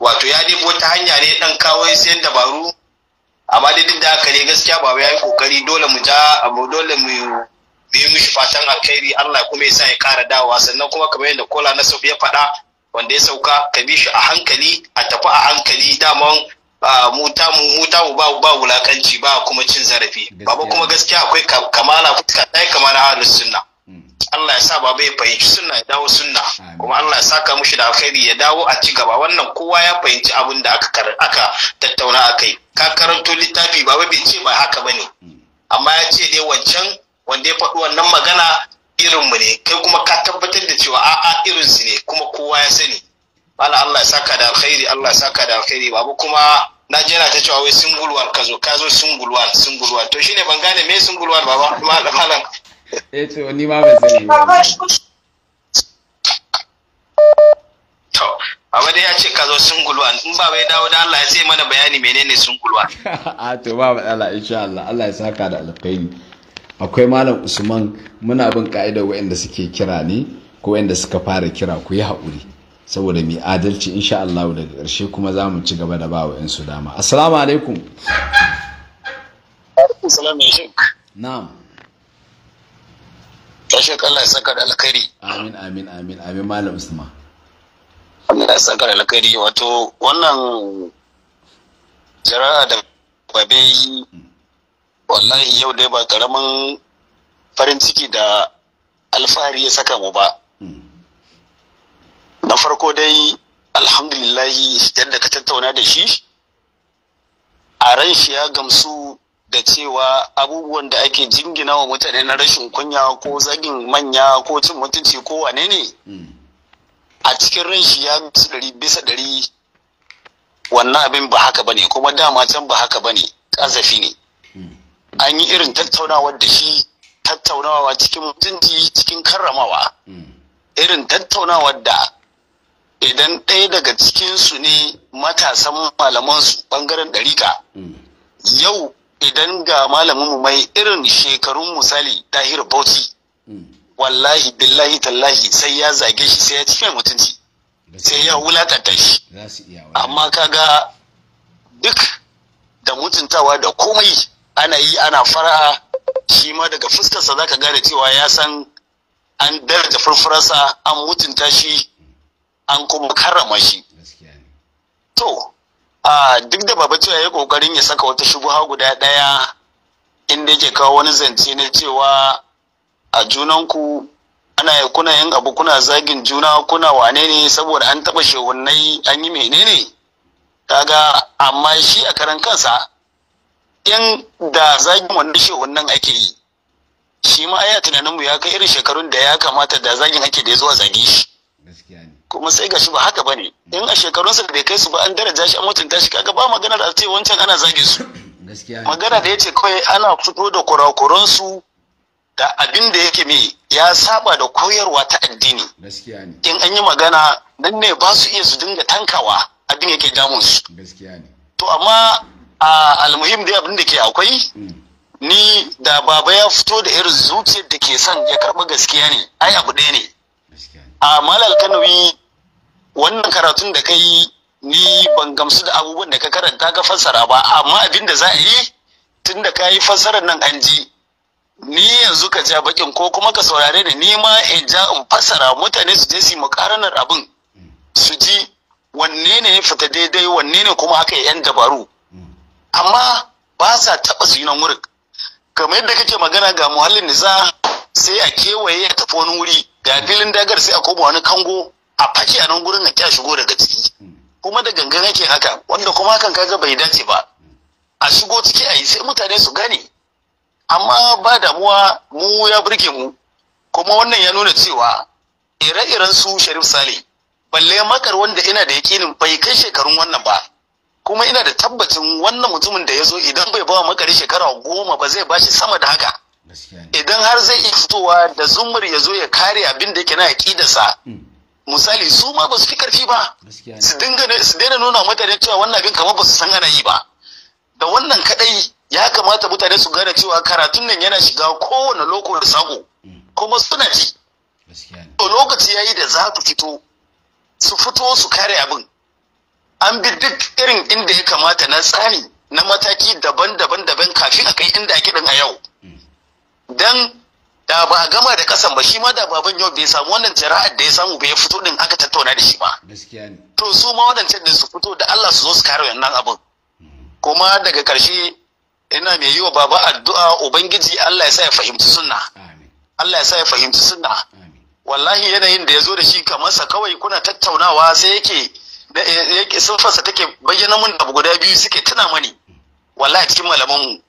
wato ya nemo ta hanya ne dan kawo sayan dabaru amma dai duk da haka ne gaskiya babu ya yi kokari dole mu ja abu dole mu yi mishi fatan alkhairi Allah kuma ya sa ya kara dawowa sannan kuma kamar yadda kola na sauki ya faɗa wanda ya sauka ka bi shi a hankali a tafi a hankali daman mu ta mu ba ba wulakanci ba kuma cin zarafi baba kuma gaskiya akwai kamala fuska dai kamar ahlus sunna hmm. Allah ya sa baba ya fahimci sunna ya dawo sunna kuma Allah ya saka mushi da alkhairi ya dawo a ci gaba wannan kowa ya fahimci abin da aka aka tattauna akai ka karanto littafi baba bai ce ba haka bane hmm. amma ya ce dai wancan wanda ya faɗi wannan magana irin mu ne kai kuma ka tabbatar da cewa a'a irin su ne kuma kowa ya sani Allah ya saka da alkhairi Allah ya saka da alkhairi babu kuma na je ta cewa wai single one ka zo ka zo single one single one to shine ban gane me single one baba malam eh to ni ma ban sani to amma dai ya ce ka zo single one in ba bai dawo da Allah ya sai mana bayani menene single one a to ba Allah insha Allah Allah ya saka da alkhairi akwai malam Usman muna bin ka'idar waɗanda suke kira ne ko waɗanda suka fara kira ku yi haƙuri saboda mai adalci insha Allah daga ƙarshe kuma za mu ci gaba da ba wa yansu dama assalamu alaikum na'am tashi Allah ya saka da alkhairi amin amin amin amin malam usman Allah ya saka da alkhairi wato wannan jara'a da babe wallahi yau dai ba karamin farin ciki da alfahari ya saka mu ba na farko dai alhamdulillahi yadda ka tattauna da shi a ran shi ya gamsu da cewa abubuwan da ake jingina wa mutane na rashin kunya ko zagin manya ko cin mutunci ko wane ne hmm. a cikin ran shi ya gamsu dari bisa dari wannan abin ba haka bane kuma dama can ba haka bane kazafi ne hmm. an yi irin tattaunawa da shi tattaunawa cikin mutunci cikin karramawa hmm. irin tattaunawa da idan ɗaya daga cikinsu ne matasan malaman su ɓangaren ɗarika hmm. yau idan ga malamin mai irin shekarun misali tahir bauchi hmm. wallahi billahi tallahi sai ya zage shi sai ya cikin mutunci sai ya wulakanta shi amma kaga duk da mutuntawa da komai ana yi ana fara shi ma daga fuskarsa za ka gane cewa ya san an daraja furfurarsa an mutunta shi an kuma karrama shi to duk da baba cewa ya kokarin ya saka wata shubuha guda ɗaya, inda yake kawo wani zance na cewa a junanku ana ya kuna yin abu kuna zagin juna kuna wane ne saboda an taba shehunai an yi menene kaga amma shi a karan kansa in da zagin wannan shehunan ake yi shi ma aya tunaninmu ya kai irin shekarun da ya kamata da zagin ake da ya zuwa zage shi kuma sai ga shi ba haka bane in a shekarunsa da bai kai su ba an daraja shi an mutunta shi kaga ba magana da ce wancan ana zage su magana da yace kawai ana fito da kurakuran su da abin da yake mi ya saba da koyarwa ta addini in an yi magana nan ne ba su iya su dinga tankawa abin yake damun su to amma a almuhim dai abin da ke akwai mm. ni da baba ya fito da irin zuciyar da ke son ya karɓi gaskiya ne ai abu ɗaya ne a malal kanawi wannan karatun da ka yi ni ban gamsu da abubuwan da ka karanta ka fassara ba amma abin da za a yi tun da ka yi fassarar nan an ji ni yanzu ka ja bakin ko kuma ka saurare ni ni ma in ja in fassara mutane su je su makaranar abin su ji wanne ne ya fita daidai wanne ne kuma aka yi yan dabaru amma ba sa taɓa su yi nan wurin kamar yadda kake magana ga muhallin niza sai a kewaye a tafi wani wuri ga filin dagar sai a koma wani kango a fashe a nan gurin a kya shigo daga ciki kuma da gangan yake haka wanda kuma hakan kaga bai dace ba a shigo ciki a yi sai mutane su gane amma ba damuwa mu ya burge mu kuma wannan ya nuna cewa ire-iren su sharif sale balle makar wanda ina da yakinin bai kai shekarun wannan ba kuma ina da tabbacin wannan mutumin da ya zo idan bai ba makari shekara goma ba zai bashi sama da haka idan har zai iya fitowa da zumur ya zo ya kare abin da yake na aƙidarsa hmm. misali su ma ba su fi karfi ba su daina nuna mutane cewa wannan abin kamar ba su san ana yi ba da wannan kadai ya kamata mutane su gane cewa karatun nan yana shiga kowane loko da sako mm. kuma suna ji to lokaci yayi da za su fito su fito su kare abin an bi duk irin inda ya kamata na tsari na mataki daban-daban daban kafin a kai inda ake kiɗin a yau mm. dan da ba a gama da kasan ba shi ma da baban yau bai samu wannan jara'ar da ya samu bai fito din aka tattauna da shi ba to su ma wadancan din su fito da Allah su zo su kare wannan abin kuma daga karshe ina mai yiwa baba addu'a ubangiji Allah ya sa ya fahimci sunna Allah ya sa ya fahimci sunna wallahi yanayin da ya zo da shi kamar sa kawai kuna tattaunawa sai yake eh, yake sun take bayyana mun abu guda biyu suke tuna mani wallahi cikin malaman mu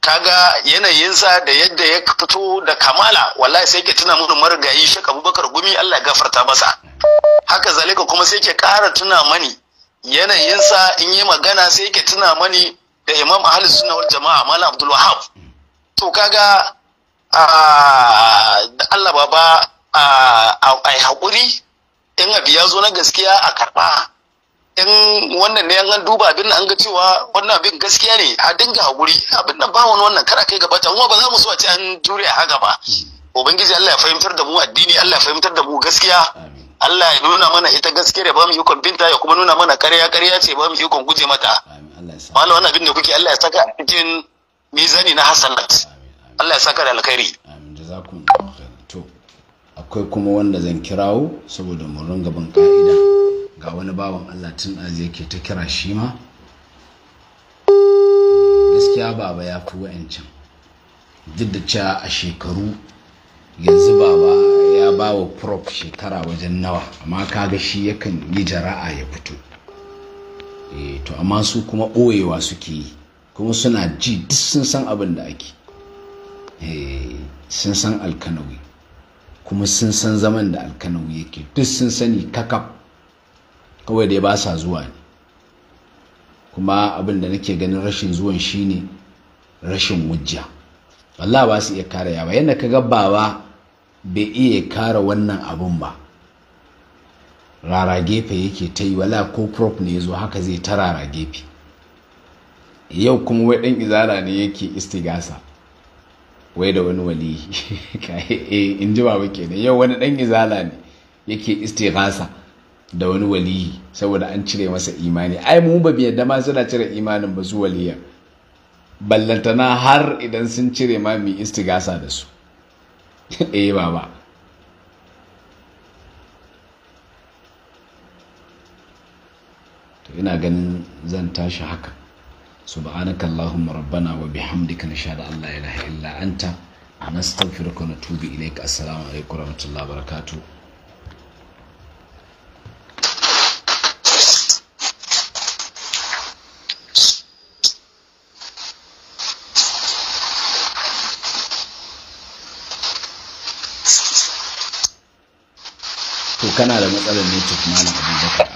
kaga yanayinsa da yadda ya fito da kamala wallahi sai ke tuna mana marigayi shek abubakar gumi allah ya gafarta masa haka zalika kuma sai ke ƙara tuna mani yanayinsa in yi magana sai ke tuna mani da imam ahli sunna wal jama'a malam abdul wahab to kaga da allah baba a haƙuri in abu ya zo na gaskiya a karɓa in wannan ne an duba abin nan an ga cewa wannan abin gaskiya ne a dinga haƙuri abin nan ba wani wannan kada kai gaba ta kuma ba za mu so a ce an jure a haka ba hmm. ubangiji Allah ya fahimtar da mu addini Allah ya fahimtar da mu gaskiya Allah ya nuna mana ita gaskiya ya ba mu ikon binta ya kuma nuna mana ƙarya ƙarya ce ba mu ikon guje mata malam wannan abin da kuke Allah ya saka a cikin mizani na hasanat Allah ya saka da alkhairi akwai kuma wanda zan kirawo saboda mu ringa bin ka'ida ga wani bawan Allah tun azi yake ta kira shi ma gaskiya baba ya fi wa'ancan duk da cewa a shekaru yanzu baba ya ba wa prop shekara wajen nawa amma kaga shi yakan yi jara'a ya fito e to amma su kuma ɓoyewa suke yi kuma suna ji duk sun san abin da ake eh, sun san alkanawi kuma sun san zaman da alkanawi yake duk sun sani kakaf kawai dai ba sa zuwa ne kuma abin da nake ganin rashin zuwan shine rashin wujja Allah ba su iya kare yawa yadda ka gabawa bai iya kare wannan abun ba rara gefe yake ta yi wala ko prop ne zo haka zai ta rara gefe yau kuma wai ɗan izara ne yake istigasa wai da wani wali eh, in ji ba kenan yau wani ɗan izala ne yake istigasa da wani waliyi saboda an cire masa imani ai mu ba da ma suna cire imanin ba su waliya ballantana har idan sun cire ma mu istigasa da su eh baba to ina ganin zan tashi haka subhanaka allahumma rabbana wa bihamdika nashhadu an la ilaha illa anta nastaghfiruka wa natubu ilaik assalamu alaikum wa rahmatullahi wa barakatuh kana da matsalar network malam abubakar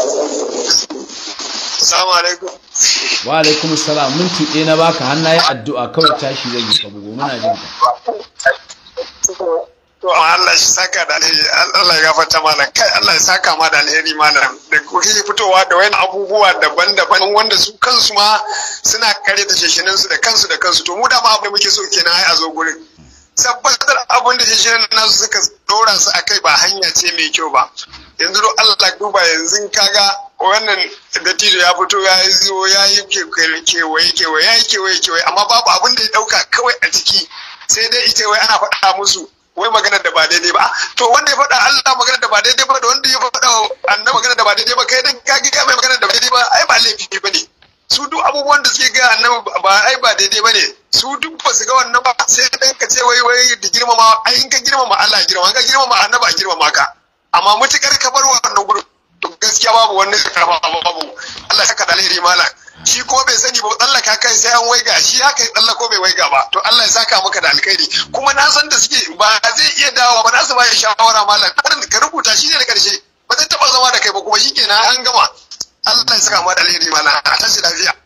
abdullahi wa alaikum salam minti ɗaya na baka har nayi addu'a kawai tashi zai yi ka muna jin ka Allah shi saka da alheri, Allah ya gafarta malam, kai Allah ya saka ma da alheri malam. Da kuke fitowa da wani abubuwa daban-daban wanda su kansu ma suna kare da sheshinin su da kansu da kansu. To mu da ma abu da muke so kenan ai a zo gurin. tabbatar abin da shirin nasu suka dora su a kai ba hanya ce mai kyau ba yanzu do allah duba yanzu kaga wannan dattijo ya fito ya yi zo ya yi kewaye kewaye ya yi kewaye kewaye amma babu abin da ya dauka kawai a ciki sai dai ita wai ana faɗa musu wai magana da ba daidai ba to wanda ya faɗa Allah magana da ba daidai ba da wanda ya faɗa annabi magana da ba daidai ba kai dan ka ga mai magana da ba daidai ba ai ba laifi bane su duk abubuwan da suke gaya annabi ba ai ba daidai bane su duk ba su ga wannan ba sai dan ka ce wai wai da girmama ai in ka girmama Allah girmama ka girmama annabi a girmama ka amma mutukar ka bar wannan to gaskiya babu wani karama babu Allah saka da alheri malam shi ko bai sani ba tsallaka kai sai an waiga shi ya kai tsallako bai waiga ba to Allah ya saka maka da alkhairi kuma na san da suke ba zai iya dawo ba na su ba ya shawara malam ka rubuta shi ne da karshe ba zai taba zama da kai ba kuma shikenan an gama Allah ya saka mu da alheri mana a tashi lafiya